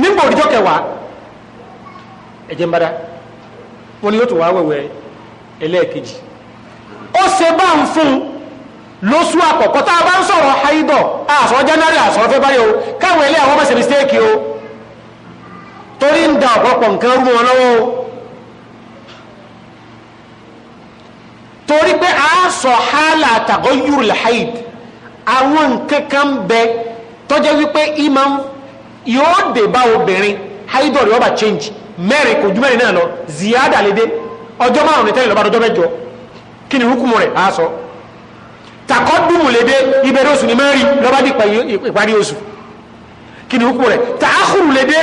Speaker 2: nígbà òdìjọ́ kẹwàá ẹ̀jẹ̀ ń bá dá wọn ni yóò tún wá wẹ̀wẹ̀ ẹlẹ́ẹ̀kejì ó ṣe bá ń fún un lóṣù àkọ́kọ́ tá a bá ń sọ̀rọ̀ haidọ̀ àṣọ january àṣọ february o káwọn ilé àwọn mẹ́sẹ̀ mistake o torí ń da ọ̀pọ̀pọ̀ nǹkan rú wọn lọ́wọ́ o. torí pé a sọ hálà taghayyur al-hayd àwọn nǹkan kan bẹ tọ́jẹ́ wípé imam yóò dé bá obìnrin haidọ̀ rẹ̀ ọba change mẹ́rin kò ju mẹ́rin náà lọ ziyada lédè ọjọ́ márùn ní tẹ́lẹ̀ lọ́ba dọ́jọ́ mẹ́jọ kí ni hukumu rẹ̀ a sọ takọ́dùmù lédè ìbẹ̀rẹ̀ oṣù ni mẹ́rin lọ́ba di ìparí oṣù kí ni hukumu rẹ̀ ta'akhuru lédè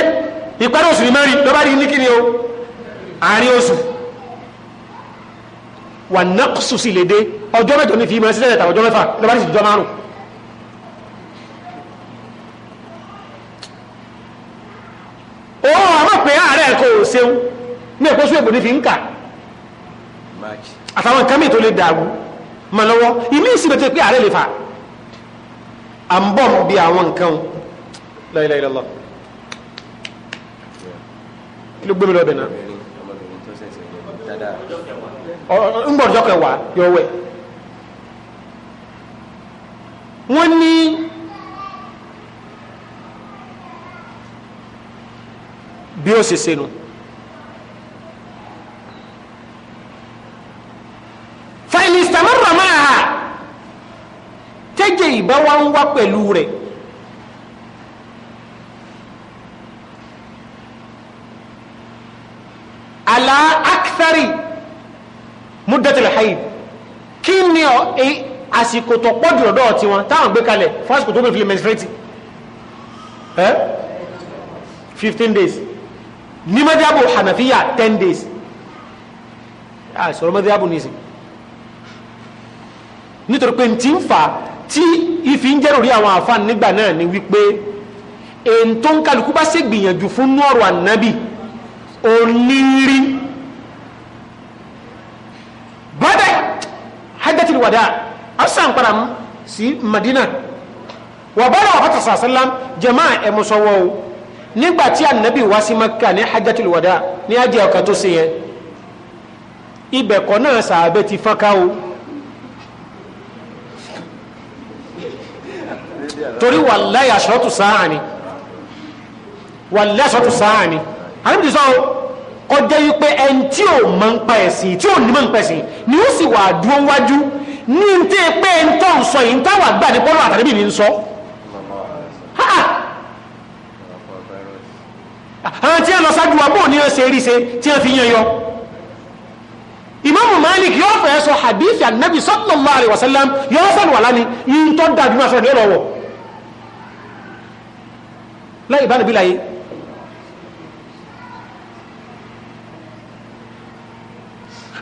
Speaker 2: ìparí oṣù ni mẹ́rin lọ́ba di ní kí ni o àárín oṣù wà nákùsù sí lédè ọjọ́ mẹ́jọ ní fi máa ṣiṣẹ́ ẹ̀ta ọjọ́ mẹ́fà lọ́wọ́ ní ìṣèjọ́ márùn. ó àwọn pé ààrẹ kò ṣeun ní èkó sún ègbò ní fi ń kà àtàwọn nǹkan mìíràn tó lè dàrú mọ lọ́wọ́ ìmí ìsìn bẹ̀tẹ̀ pé ààrẹ lè fà à ń bọ̀ bí àwọn nǹkan
Speaker 1: la ilaha illallah kí ló gbé mi lọ bẹ̀ náà
Speaker 2: ńgbọ̀njọ́ kẹwàá yọ wẹ̀ wọ́n ní bí ó ṣe ṣe nù fàìlì ìsàmọ́rọ̀ máa tẹ́jẹ̀ ìbáwá ń wá pẹ̀lú rẹ̀ muddatil hayd kí ni e, àsìkò tó pọ̀ jù lọ́dọ̀ tí wọn táwọn gbé kalẹ̀ fásitì tó bẹ̀rẹ̀ fi lè menstruate ẹ́ 15 days ní madhabu hanafiya 10 days àìsọ̀rọ̀ madhabu nìsín nítorí pé tí ń fa tí ifi ń jẹ́rò rí àwọn àfáàn nígbà náà ni wípé èyí tó ń kálukú bá ṣègbìyànjú fún nọ́ọ̀rọ̀ ànábì onírin hajjatul wada an san param sí madina wa bọ́lá wa fata sàásánlám jama'a ẹ e musọwọ́ o nígbà tí anabi wá sí makka ní hajjatul wada ní ajẹ́ ọ̀kan tó sí yẹn ibẹ̀ kọ́ náà sàábẹ́ ti fọ́nká o
Speaker 1: torí wallahi
Speaker 2: àṣọ́tù sáà wallahi àṣọ́tù sáà ni àníbi kọjá wípé ẹni tí ò mọ̀ ń pa ẹ̀sìn tí ò ní mọ̀ ń pa ni ó sì wà dúró wájú ní n tẹ́ pé ń tọ́ ń sọ yìí ń táwà gbà ní pọ́lọ́ àtàlẹ́bì ní ń sọ. àwọn tí a lọ ṣáájú wa ní ọ̀sẹ̀ rí ṣe tí a fi yan yọ. Ìmáàmù Malik yóò fẹ́ sọ hadith anabi sallallahu alayhi wa sallam yóò sọ̀rọ̀ wà lánìí yìí ń tọ́ dàbí máa sọ̀rọ̀ ní ọ̀rọ̀ wọ̀. láì ìbánibí láyé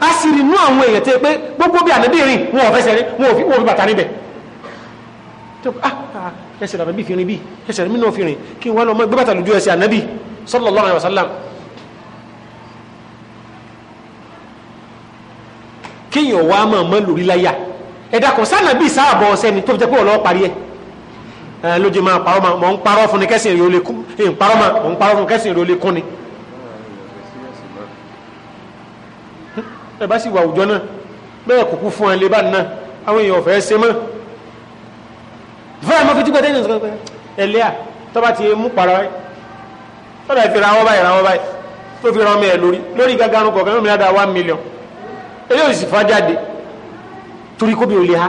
Speaker 2: a sì rí inú àwọn èèyàn tẹ́ pé gbogbo bí ànábì rìn wọn ò fẹsẹ̀ rí wọn ò fi wọn ò fi bàtà níbẹ̀ tó ah, ah ẹsẹ̀ ànábì fi rìn bí ẹsẹ̀ mi náà fi rìn kí wọ́n lọ mọ́ gbẹ́bàtà lójú ẹsẹ̀ ànábì sallallahu alaihi wasallam kéèyàn wá mọ̀ mọ́ lórí láyà ẹ̀dá kan sànàbì sáàbọ̀ ọ̀sẹ̀ ni tó fi jẹ́ pé ọ̀lọ́ parí ẹ̀ lójú máa parọ́ máa mọ̀ ń parọ́ fún ni kẹ́sìn rí ó lè kún ni ẹ̀bá sì wà àwùjọ náà bẹ́ẹ̀ kò kú fún ẹ lè bá náà àwọn èèyàn ọ̀fẹ́ ṣe mọ́ fún àmọ́ fití gbẹ́dẹ́ ìrìnsọ̀ pé ẹlẹ́à tọ́ba ti mú para wáyé tọ́ba fi ra wọn báyìí ra wọn báyìí tó fi ra ọmọ ẹ̀ lórí lórí gágarun kọ̀ọ̀kan lómi ládàá one million eléyìí sì fa jáde torí kóbi ò lè ha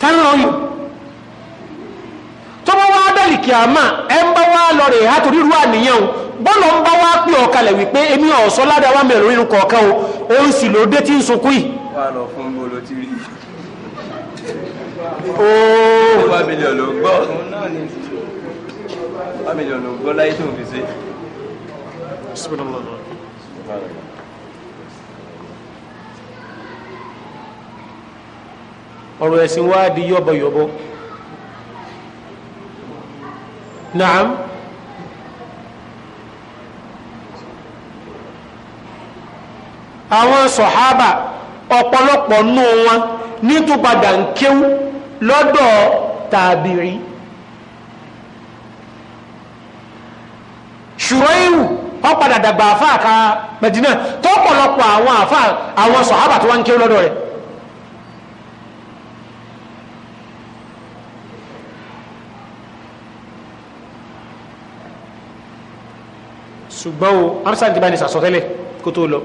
Speaker 2: tánà ọyọ tọ́ba wá dàlìkì àmà ẹ̀ ń bá wá ha torí irú àníyàn bọ́lọ̀ ń bá wá pè ọ̀kalẹ̀ wípé èmi ọ̀sọ́ ládàá wà mẹ́rin kọ̀ọ̀kan o òun sì ló dé tí ń sunkún yìí. àwọn sọ̀hábà ọ̀pọ̀lọpọ̀ nú wọn nítúpadà ń kéwú lọ́dọ̀ tàbírí ṣùrọ́ìwù ọ̀padà dàgbà àfáà ka Mẹdínà tó pọ̀lọpọ̀ àwọn àfáà àwọn sọ̀hábà tó wá ń kéwú lọ́dọ̀ rẹ̀ ṣùgbọ́n o amsa ti bá ní sàsọtẹ́lẹ̀ kó tó lọ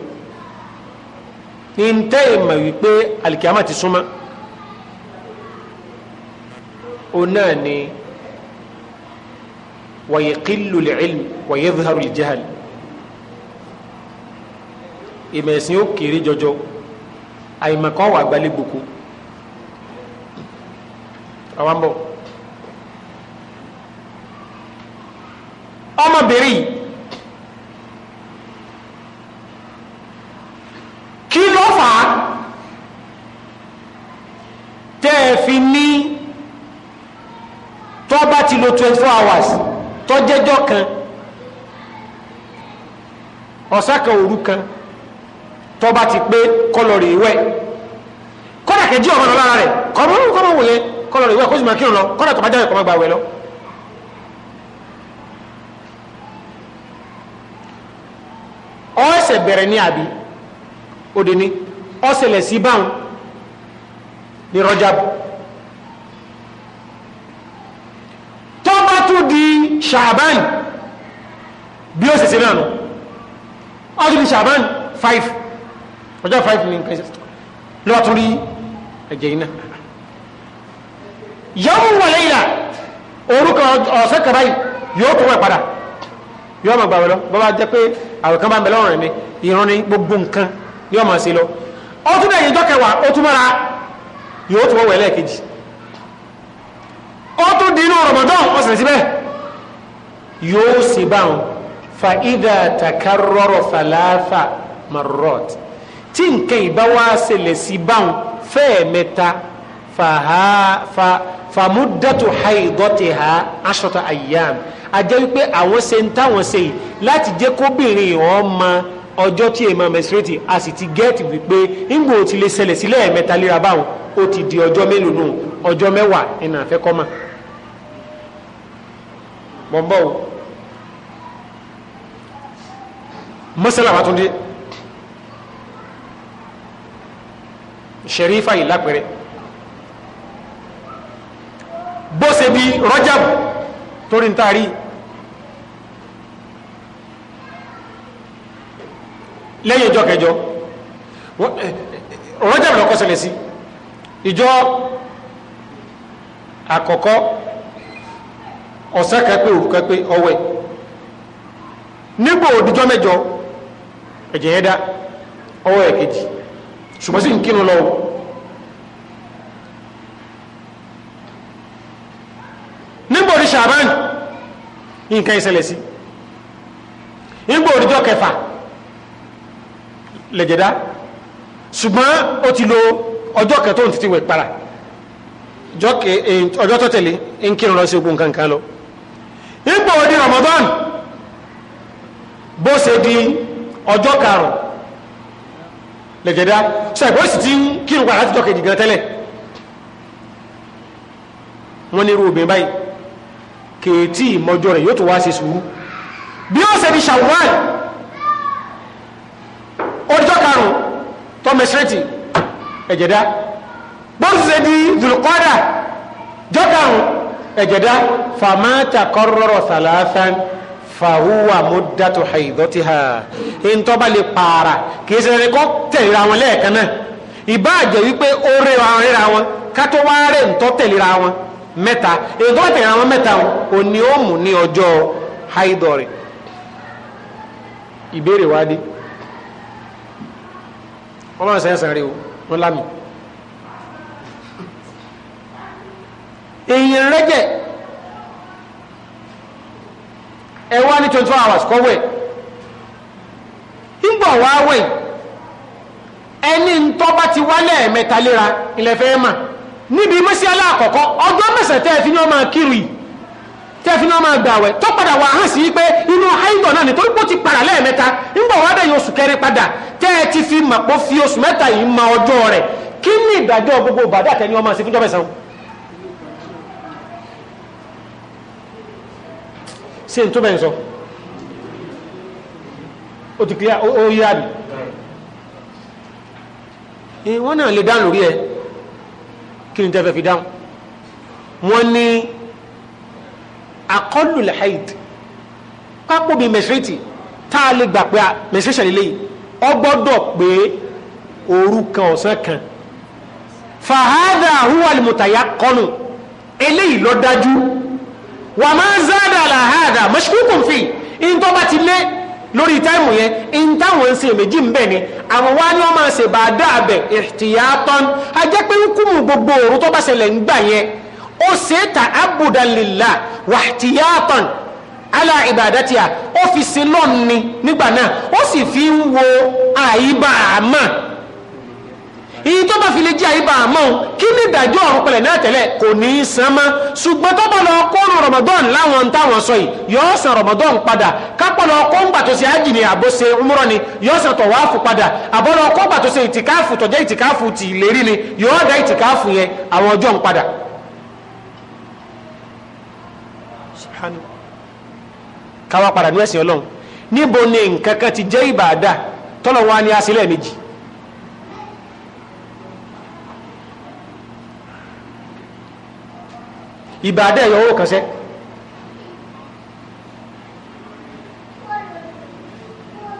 Speaker 2: ntẹ́ ìmọ̀ wípé alìkìyàmà ti súnmọ́ òun náà ni wàyẹ̀kìlù lẹ́ẹ̀lì wàyẹ̀dùhàrù ìjẹ́hàlì ìmọ̀ ẹ̀sìn ó kéré jọjọ àìmọ̀kan wà gbalẹ̀ gbòkó ọmọbìnrin kí ló fà á tẹ́ ẹ fi ní tó bá ti lo twenty four hours tó jẹ́jọ́ kan ọ̀sán kan òru kan tó bá ti pé kọlọ̀rì ìwẹ̀ kọ́dà kẹjí ọmọ lọ lára rẹ̀ kọ́mọ́ kọ́mọ́ wòye kọlọ̀rì ìwẹ̀ kó sì máa kírun lọ kọ́dà tó bá jáde kó máa gba ìwẹ̀ lọ. ọ̀sẹ̀ bẹ̀rẹ̀ ní àbí òde ni ọ̀sẹ̀lẹ̀ sí báwọn ní Rajab tó bá tún di Sha'ban bí ó sẹ̀sẹ̀ náà nù ó tún Sha'ban 5 Rajab 5 ní nǹkan ìsẹ̀sẹ̀ lọ́wọ́ tún rí ẹ̀jẹ̀ iná yawmun wa layla orúkọ ọ̀sẹ̀ kaba yìí yóò tún wẹ̀ padà yóò mọ̀ gbàgbọ́ lọ bọ́ bá jẹ́ pé àwọn kan bá ń bẹ lọ́rùn ìran ni gbogbo nǹkan yóò máa ṣe lọ ó tún dẹ̀yìn ọjọ́ kẹwàá ó tún mọ́ra yóò tún wọ́wọ́ ẹlẹ́ẹ̀kejì ó tún di inú Ramadan ọ̀sẹ̀ síbẹ̀ yóò sì bá wọn fa idha takarrara thalatha marrat tí nǹkan ìbá wá ṣẹlẹ̀ sí bá wọn fẹ́ẹ̀ mẹ́ta fàmúdàtù haidọ́tìhá aṣọ́ta ayyam a jẹ́ wípé àwọn ṣe ń táwọn ṣe yìí láti jẹ́ kóbìnrin ọmọ ọjọ́ tí èèmọ̀ mẹ́sírẹ́tì a sì ti gẹ́ẹ̀tì wípé ńgbò ti lè ṣẹlẹ̀ sílẹ̀ mẹ́ta léra báwọn ó ti di ọjọ́ mélòó nù ọjọ́ mẹ́wàá ẹ̀nà àfẹ́kọ́mà bọ̀m̀bọ̀ o mọ́sálà wa tún dé ṣẹ̀rífà yìí lápẹ̀rẹ̀ bó ṣe bí rọ́jà torí ń taari lẹ́yìn ọjọ́ kẹjọ rọ́jà mi lọ́kọ́ ṣẹlẹ̀ sí ìjọ àkọ́kọ́ ọ̀sẹ̀ kẹpẹ́ òru kẹpẹ́ ọwẹ́ nígbò òdìjọ́ mẹ́jọ ẹ̀jẹ̀ yẹn dá ọwọ́ ẹ̀ kejì ṣùgbọ́n sí ń kírun lọ́wọ́ nígbò òdì ṣàbán nǹkan ìṣẹlẹ̀ sí nígbò òdìjọ́ kẹfà lẹ̀jẹ̀dá ṣùgbọ́n ó ti lo ọjọ́ kẹtọ́ ti ti wẹ̀ para eh, ọjọ́ tó tẹ̀lé ń kírun lọ sí ogun kankan lọ ipò òdi Ramadan bó ṣe di ọjọ́ karùn lẹ̀jẹ̀dá ṣàgbọ́ sì ti ń kírun padà látijọ́ kejì gan tẹ́lẹ̀ wọ́n ní irú obìnrin báyìí kèétí ìmọ̀jọ rẹ̀ yóò tó wá ṣe sùúrù bí ó ṣe di Ṣawwal karùn tó mẹsírẹ́tì ẹ̀jẹ̀dá bóòsì ṣe di zulukọ́dà jọ karùn ẹ̀jẹ̀dá fàmáta kọ́rọ̀rọ̀ sàlásán fàhúwà múdàtò haidọ́tì ha ń tọ́ bá lè pààrà kì í ṣe rẹ̀ kọ́ tẹ̀lera wọn lẹ́ẹ̀kan náà ìbá àjẹ́ wípé ó rẹra rẹra wọn ká wá rẹ̀ ń tọ́ tẹ̀lera wọn mẹ́ta èyí tẹ̀lera wọn mẹ́ta ò ní ó mú ní ọjọ́ haidọ́rì ìbéèrè wá ọlọ́run sẹ́yìn sàn rí o wọn lámì. èèyàn rẹ́jẹ̀ ẹ wá ní twenty four hours kọ́ wẹ̀ ńgbọ̀ wá wẹ̀ ẹni ńtọ́ bá ti wálẹ̀ mẹ́ta léra ilẹ̀ fẹ́ mà níbi mọ́sí aláàkọ́kọ́ ọjọ́ mẹ́sàn-án tẹ́ ẹ fi ní ọmọ kiri tẹ́fí náà máa gbàwẹ̀ tó padà wà hàn sí pé inú haidọ̀ náà nítorí pé ó ti para lẹ́ẹ̀mẹ́ta nígbà wà bẹ́ẹ̀ yóò sùn kẹrin padà tẹ́ ẹ ti fi màpó fi oṣù mẹ́ta yìí ma ọjọ́ rẹ̀ kí ni ìdájọ́ gbogbo bàdá àtẹni ọmọ sí fúnjọ́ mẹ́sàn-án sí n tó bẹ́ẹ̀ sọ ó ti kíyà ó yíra mi wọ́n náà lè dáhùn lórí ẹ kí ni tẹ́fẹ́ fi dáhùn wọ́n ní akọ́lù lẹ́hàìd pápó mẹ́sírìtì tá a lè gbà pé mẹ́sírìtì lélẹ́yìí ọ gbọ́dọ̀ pé òru kan ọ̀sán kan fàhádà huwal mutayaqqanu eléyìí lọ dájú wà máa záàdà làhádà mashkukun fi in tó bá ti lé lórí táìmù yẹn in táwọn ń ṣe méjì ń bẹ̀ ni àwọn wá ní wọ́n máa ṣe bá dáàbẹ̀ ihtiyatan a jẹ́ pé ń kúmù gbogbo òru tó bá ṣẹlẹ̀ ń gbà yẹn ó ṣe ta abudan lillah wa ala ibadatia ó fi sin lọ́n ni nígbà náà ó sì fi ń wo àyíbá àmọ́ iye tó bá fi lè jẹ́ àyíbá àmọ́ kí ní ìdájọ́ ọ̀run pẹ̀lẹ́ náà tẹ́lẹ̀ kò ní í san mọ́ ṣùgbọ́n tó bá lọ láwọn ń táwọn san padà tó ṣe ni àbó ṣe umrọ́ ni san tọ̀wáàfù padà àbọ̀lọ́ kóńgbà tó ṣe ìtìkáàfù tọ̀jẹ́ ni káwá padà ní ẹ̀sìn ọlọ́run níbo ni nǹkan kan ti jẹ́ ìbàdà tọ́lọ̀ wọn á ní asílẹ̀ méjì ìbàdà ẹ̀yọ̀ owó kan sẹ́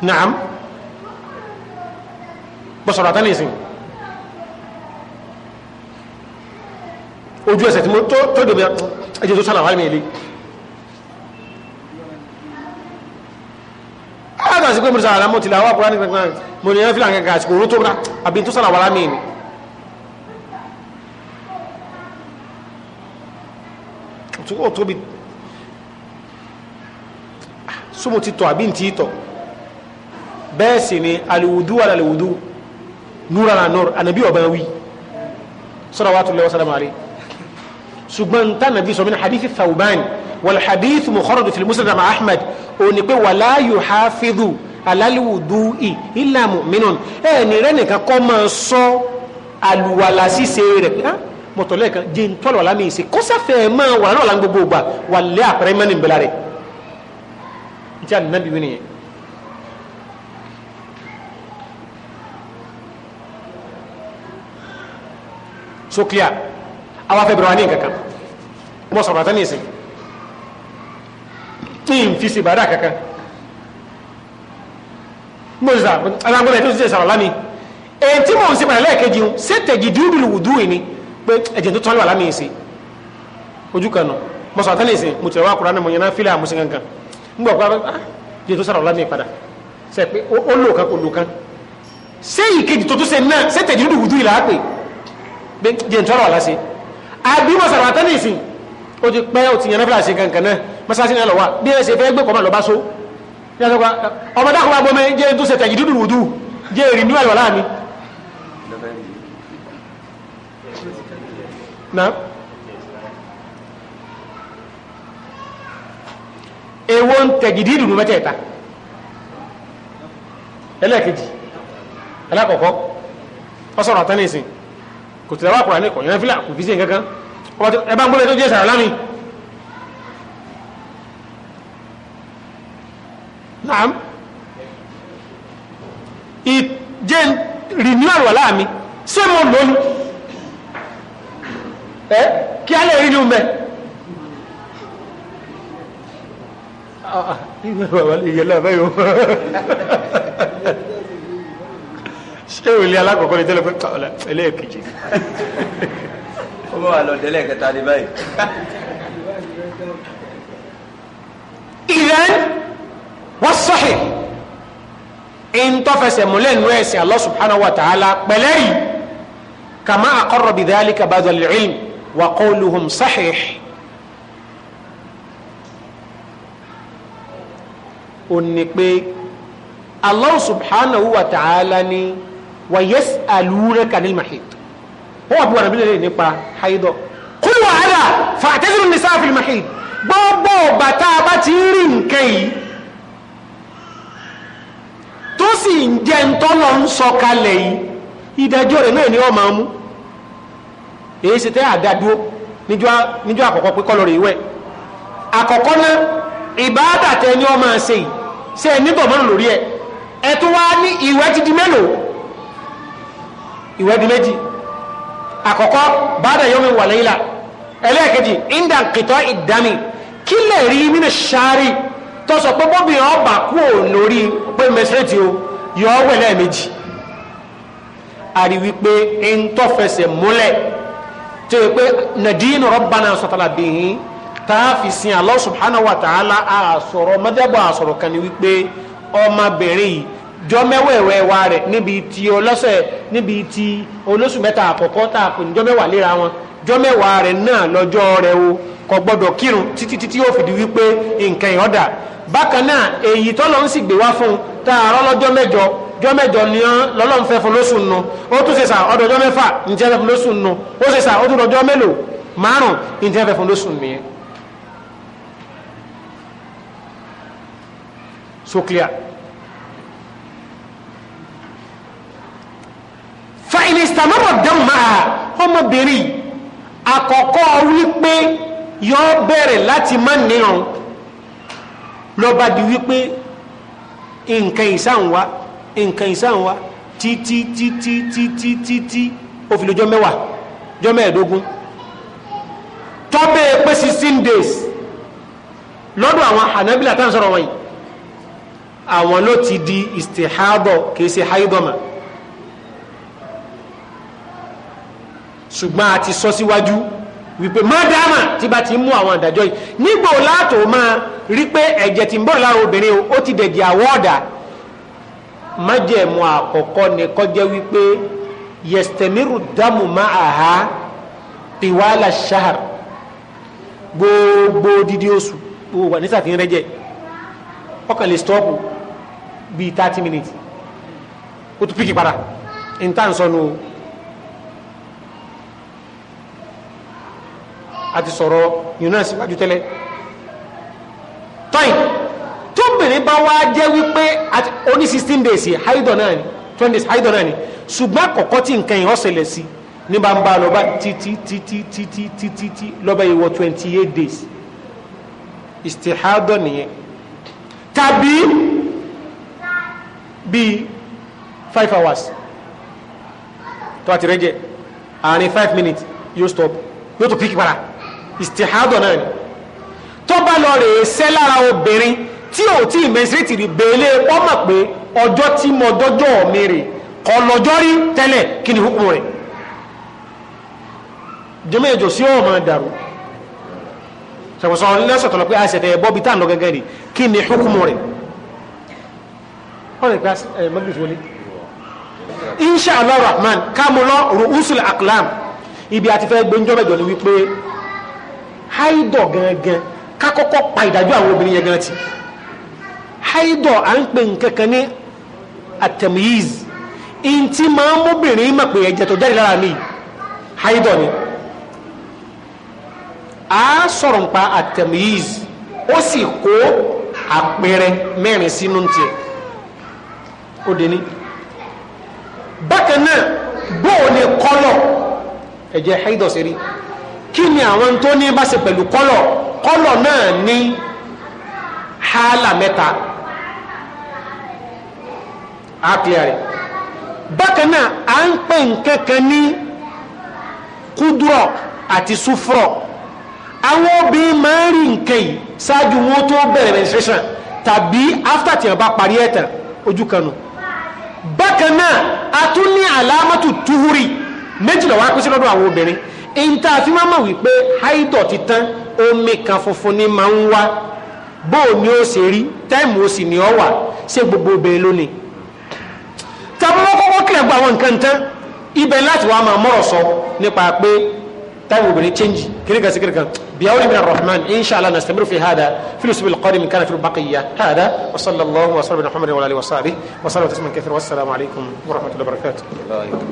Speaker 2: naam bọ́sọ̀rọ̀ àtàlẹ́sìn ojú ẹsẹ̀ tí mo tó tó dòmí ẹjẹ́ tó sálà ní ilé sí pé mo ti sàrà mo ti làwọn àpòrán nígbà náà mo ní ẹnfìlà kankan àsìkò oró tó rà àbí tó sàrà wàrà mi ni. ó tóbi súnmù ti tọ̀ àbí ntì tọ̀ bẹ́ẹ̀ sì ni aliwudu wà laliwudu na nur anabi ọba wi sọ́dọ̀ wa tó lẹ́wọ́ sọ́dọ̀ màrí ṣùgbọ́n tá nàbí ní hadithi Thawban والحديث مخرج في المسند مع أحمد ونقول ولا يحافظ على الوضوء إلا مؤمن ẹni rẹ nìkan kọ́ máa sọ àlùwàlà ṣíṣe rẹ̀ pé ah, mọ̀tọ́lẹ́ kan jẹ́ ń tọ́lọ̀ lámì ìṣe kó sáfẹ́ máa wà náà lá gbogbo ògbà wà lẹ́ àpẹẹrẹ mẹ́rin bẹ̀rẹ̀ so clear awa fẹ́ bẹ̀rẹ̀ wa mo sọ̀rọ̀ àtẹ́ni ìsìn tí n fi ṣèbádà kankan mo sà alágbọ́n ẹ̀tún ṣe sàrọ̀ lámì èyí tí mò ń ṣe padà lẹ́ẹ̀kejì ń ṣe tẹ̀jì dúdúlù wùdú ìní pé ẹ̀jẹ̀ tó tọ́lú àlámì ìṣe ojú kan nà mo sọ àtẹ́lẹ̀ ìṣe mo tẹ̀wá kúránà mo yẹn fílẹ̀ àmúṣe kankan ń bọ̀ pé ah, ẹ̀jẹ̀ tó sàrọ̀ lámì padà ṣe pé ó lò kan kò lò kan ṣé ìkejì tó tún ṣe náà ṣe tẹ̀jì dúdúlù wùdú ìlà á pè pé ẹ̀jẹ̀ tó ó ti pẹ́ ó ti yànnà fúlàṣì kankan náà mọ́sálásí náà lọ wá bí ẹ ṣe fẹ́ gbé kọ́ máa lọ bá so ọmọ dákùnmá gbọmọ jẹ́ tó ṣe tẹ̀jì dúdú wùdú jẹ́ èrì ní àlọ́lá mi. èwo ń tẹ̀jì dídùn mẹ́tẹ̀ẹ̀ta ẹlẹ́ẹ̀kejì alákọ̀ọ́kọ́ ọ̀sọ̀rọ̀ àtẹ́nìsìn kò tẹ̀lé wà kùrà ní kọ̀yán fílà kò fi sí nǹkan ẹ̀bá ń gbọ́dọ̀ tó jẹ́ sàrà lámì. naam ìjẹ́ rìnú àrùwàlá mi ṣé mo lónìí ẹ kí á lè rí ní omi ẹ. ṣé ìwé ilé alákọ̀ọ́kọ́ ni tẹ́lẹ̀ pé kàwé ilé èkejì ó bá wà lọ délẹ̀ kẹta dé báyìí. ìrẹ́n wọ́n sọ̀hìn ìntọ́fẹsẹ̀ múlẹ̀ nù ẹ̀sìn Allah subhanahu wa ta'ala pẹ̀lẹ́rì kàmá àkọ́rọ̀ bìdálíkà bá dọ̀lẹ̀ ìlm wà qawluhum sahih. ó ní pé Allah subhanahu wa ta'ala ni wa yas'alunaka 'anil mahid wọ́n wà bí wọn àbí lè nípa haidọ̀ kúlù wàhálà fàtẹ́sìrì ní sáà fìlìmọ̀ hì gbogbo ọba tá a bá ti rí nǹkan yìí tó sì ń jẹ́ ń tọ́lọ ń sọ kalẹ̀ yìí ìdájọ́ rẹ̀ náà ni wọ́n máa mú èyí ṣe tẹ́ àdádúró níjọ́ àkọ́kọ́ pé kọ́lọ̀ rẹ̀ wẹ̀ àkọ́kọ́ náà ìbáàdàtẹ ni ọmọ ṣe yìí ṣe níbọ̀ mọ́nà lórí ẹ̀ ẹ̀ tó wá ní ìwẹ́ ti di mélòó ìwẹ́ di méjì àkọ́kọ́ bada yomi wa layla ẹlẹ́ẹ̀kejì inda nkìtọ́ ìdámi kí lè rí nínú ṣáárì tó sọ pé bóbi ọba kú ò lórí pé mẹsírẹ́tì o yọ wẹ̀ lẹ́ẹ̀mejì àrí wípé ń tọ́fẹsẹ̀ múlẹ̀ tó yẹ pé nadine rabbana sọ̀tàlà bìyìn tààfi sin Allah subhanahu wa ta'ala àsọ̀rọ̀ mọ́jábọ̀ àsọ̀rọ̀ kan ni wípé ọmọbìnrin yìí jọ mẹ́wẹ̀ẹ̀wẹ̀ wa rẹ̀ níbi ti ọlọ́sẹ̀ níbi ti olóṣù mẹ́ta àkọ́kọ́ tá a pè ní jọ mẹ́wàá léra wọn jọ mẹ́wàá rẹ̀ náà lọ́jọ́ rẹ̀ o kò gbọ́dọ̀ kírun títí títí yóò fìdí wípé nǹkan ìhọ́dà bákan náà èyí tọ́lọ́ ń sì gbé wá fún un tá a rọ́ lọ́jọ́ mẹ́jọ jọ mẹ́jọ ni lọ́lọ́run fẹ́ fún lóṣù nu ó tún ṣe sà ọdọ̀ jọ mẹ́fà ní ti fẹ́ ó ṣe sà ó tún dọjọ́ mélòó márùn ní ti fẹ́ fún so clear. fa ìnìsàmọ́rọ̀ dẹ́hùn máa ọmọbìnrin àkọ́kọ́ wípé yọ bẹ̀rẹ̀ láti má níran lọ́ba di wípé nǹkan ìsáǹwá nǹkan ìsáǹwá títí títí títí títí ó fi lójọ́ mẹ́wàá jọ́ mẹ́ẹ̀ẹ́dógún tọ́bẹ̀ pé sixteen days lọ́dọ̀ àwọn ànábìlà tá à ń sọ̀rọ̀ wọ̀nyí àwọn ló ti di istihadọ̀ kìí ṣe haidọ̀mọ̀ ṣùgbọ́n a ti sọ síwájú wípé mádàmà tí bá ti mú àwọn àdájọ́ yìí nígbò látò máa rí pé ẹ̀jẹ̀ tí ń bọ̀ lára obìnrin ó ti dẹ̀dì àwọ́ọ̀dà májẹ̀mú àkọ́kọ́ ni kọjẹ́ wípé yẹ̀stẹ̀mírù dámù máa ha tiwala shahar gbogbo dídí oṣù gbogbo nísàfihàn rẹ jẹ ọkàn lè stọọpù bíi thirty minutes ó tún píkì padà ìntànsọ́nù o. àti sọ̀rọ̀ yìí náà síwájú tẹ́lẹ̀ tọ́yìn tóbìnrin bá wá jẹ́ wípé oní sixteen days haidọ̀ náà ni twenty days haidọ̀ náà ni ṣùgbọ́n àkọ́kọ́ tí nǹkan yìí ọ̀sẹ̀lẹ̀ sí ní bá ń bá lọ́ba títí títí títí títí tí lọ́ba yìí wọ twenty eight days istihadọ̀ nìyẹn tàbí bíi five hours tó àti rẹ́jẹ̀ àárín five minutes yóò stop yóò tó píkì para istihadọ̀ náà ni tó bá lọ rèé sẹ́ lára obìnrin tí ò tí ìmẹsírètì rí bèèlè ọmọ pé ọjọ́ tí mo dọ́jọ́ mi rè kọ lọ́jọ́ rí tẹ́lẹ̀ kí ni hukumu rẹ̀ jẹ́mọ́ ìjọ sí ọmọ dàrú ṣàkóso lẹ́sọ̀ tọ̀lọ̀ pé àṣẹ̀fẹ̀ ẹ̀bọ́ bí táà lọ gẹ́gẹ́ rí kí ni hukumu rẹ̀ ọ̀rẹ́ pé mọ́gbìs wọlé insha Allah rahman kámúlọ́ ru'usul aqlam ibi àti fẹ́ gbẹ́njọ́ ni wípé haidọ̀ gangan kakọ́kọ́ pa ìdájọ́ àwọn obìnrin yẹn gan ti haidọ̀ à ń pè nkankan ní atamiyiz ntí máa ń móbìnrin mọ̀ pé ẹ̀jẹ̀ tó jáde lára mi haidọ̀ ni a sọ̀rọ̀ npa atamiyiz ó sì kó àpẹẹrẹ mẹ́rin sínú tiẹ̀ ó dé ní bákan náà bóò ni kọ́lọ̀ ẹ̀jẹ̀ haidọ̀ sí rí. kí ni àwọn tó ní bá ṣe pẹ̀lú kọ́lọ̀ kọ́lọ̀ náà ní hálà mẹ́ta àpẹẹrẹ bákan náà à ń pè nǹkan kan ní kúdúrọ̀ àti súfúrọ̀ àwọn obìnrin máa rí nǹkan yìí ṣáájú wọn tó bẹ̀rẹ̀ menstruation tàbí after tí wọn bá parí ẹ̀ tán ojú kanu bákan náà a tún ní àlámọ́tò túhúrì méjìlá wá pín sí lọ́dọ̀ àwọn obìnrin ìntà àfi máa mọ̀ wípé haidọ̀ ti tán omi kan funfun ni máa ń wá bó o ní ó ṣe rí táìmù ó sì ní ọ wà ṣé gbogbo obìnrin lónìí tàbí wọ́n kọ́kọ́ gba àwọn nǹkan tán ibẹ̀ láti wàá máa mọ̀rọ̀ sọ nípa pé táìmù obìnrin change kíríkan sí kíríkan بقول من الرحمن إن شاء الله نستمر في هذا في الأسبوع القادم كان في البقية هذا وصلى الله وسلم على محمد وعلى آله وصحبه وسلم تسليما كثيرا والسلام عليكم ورحمة الله وبركاته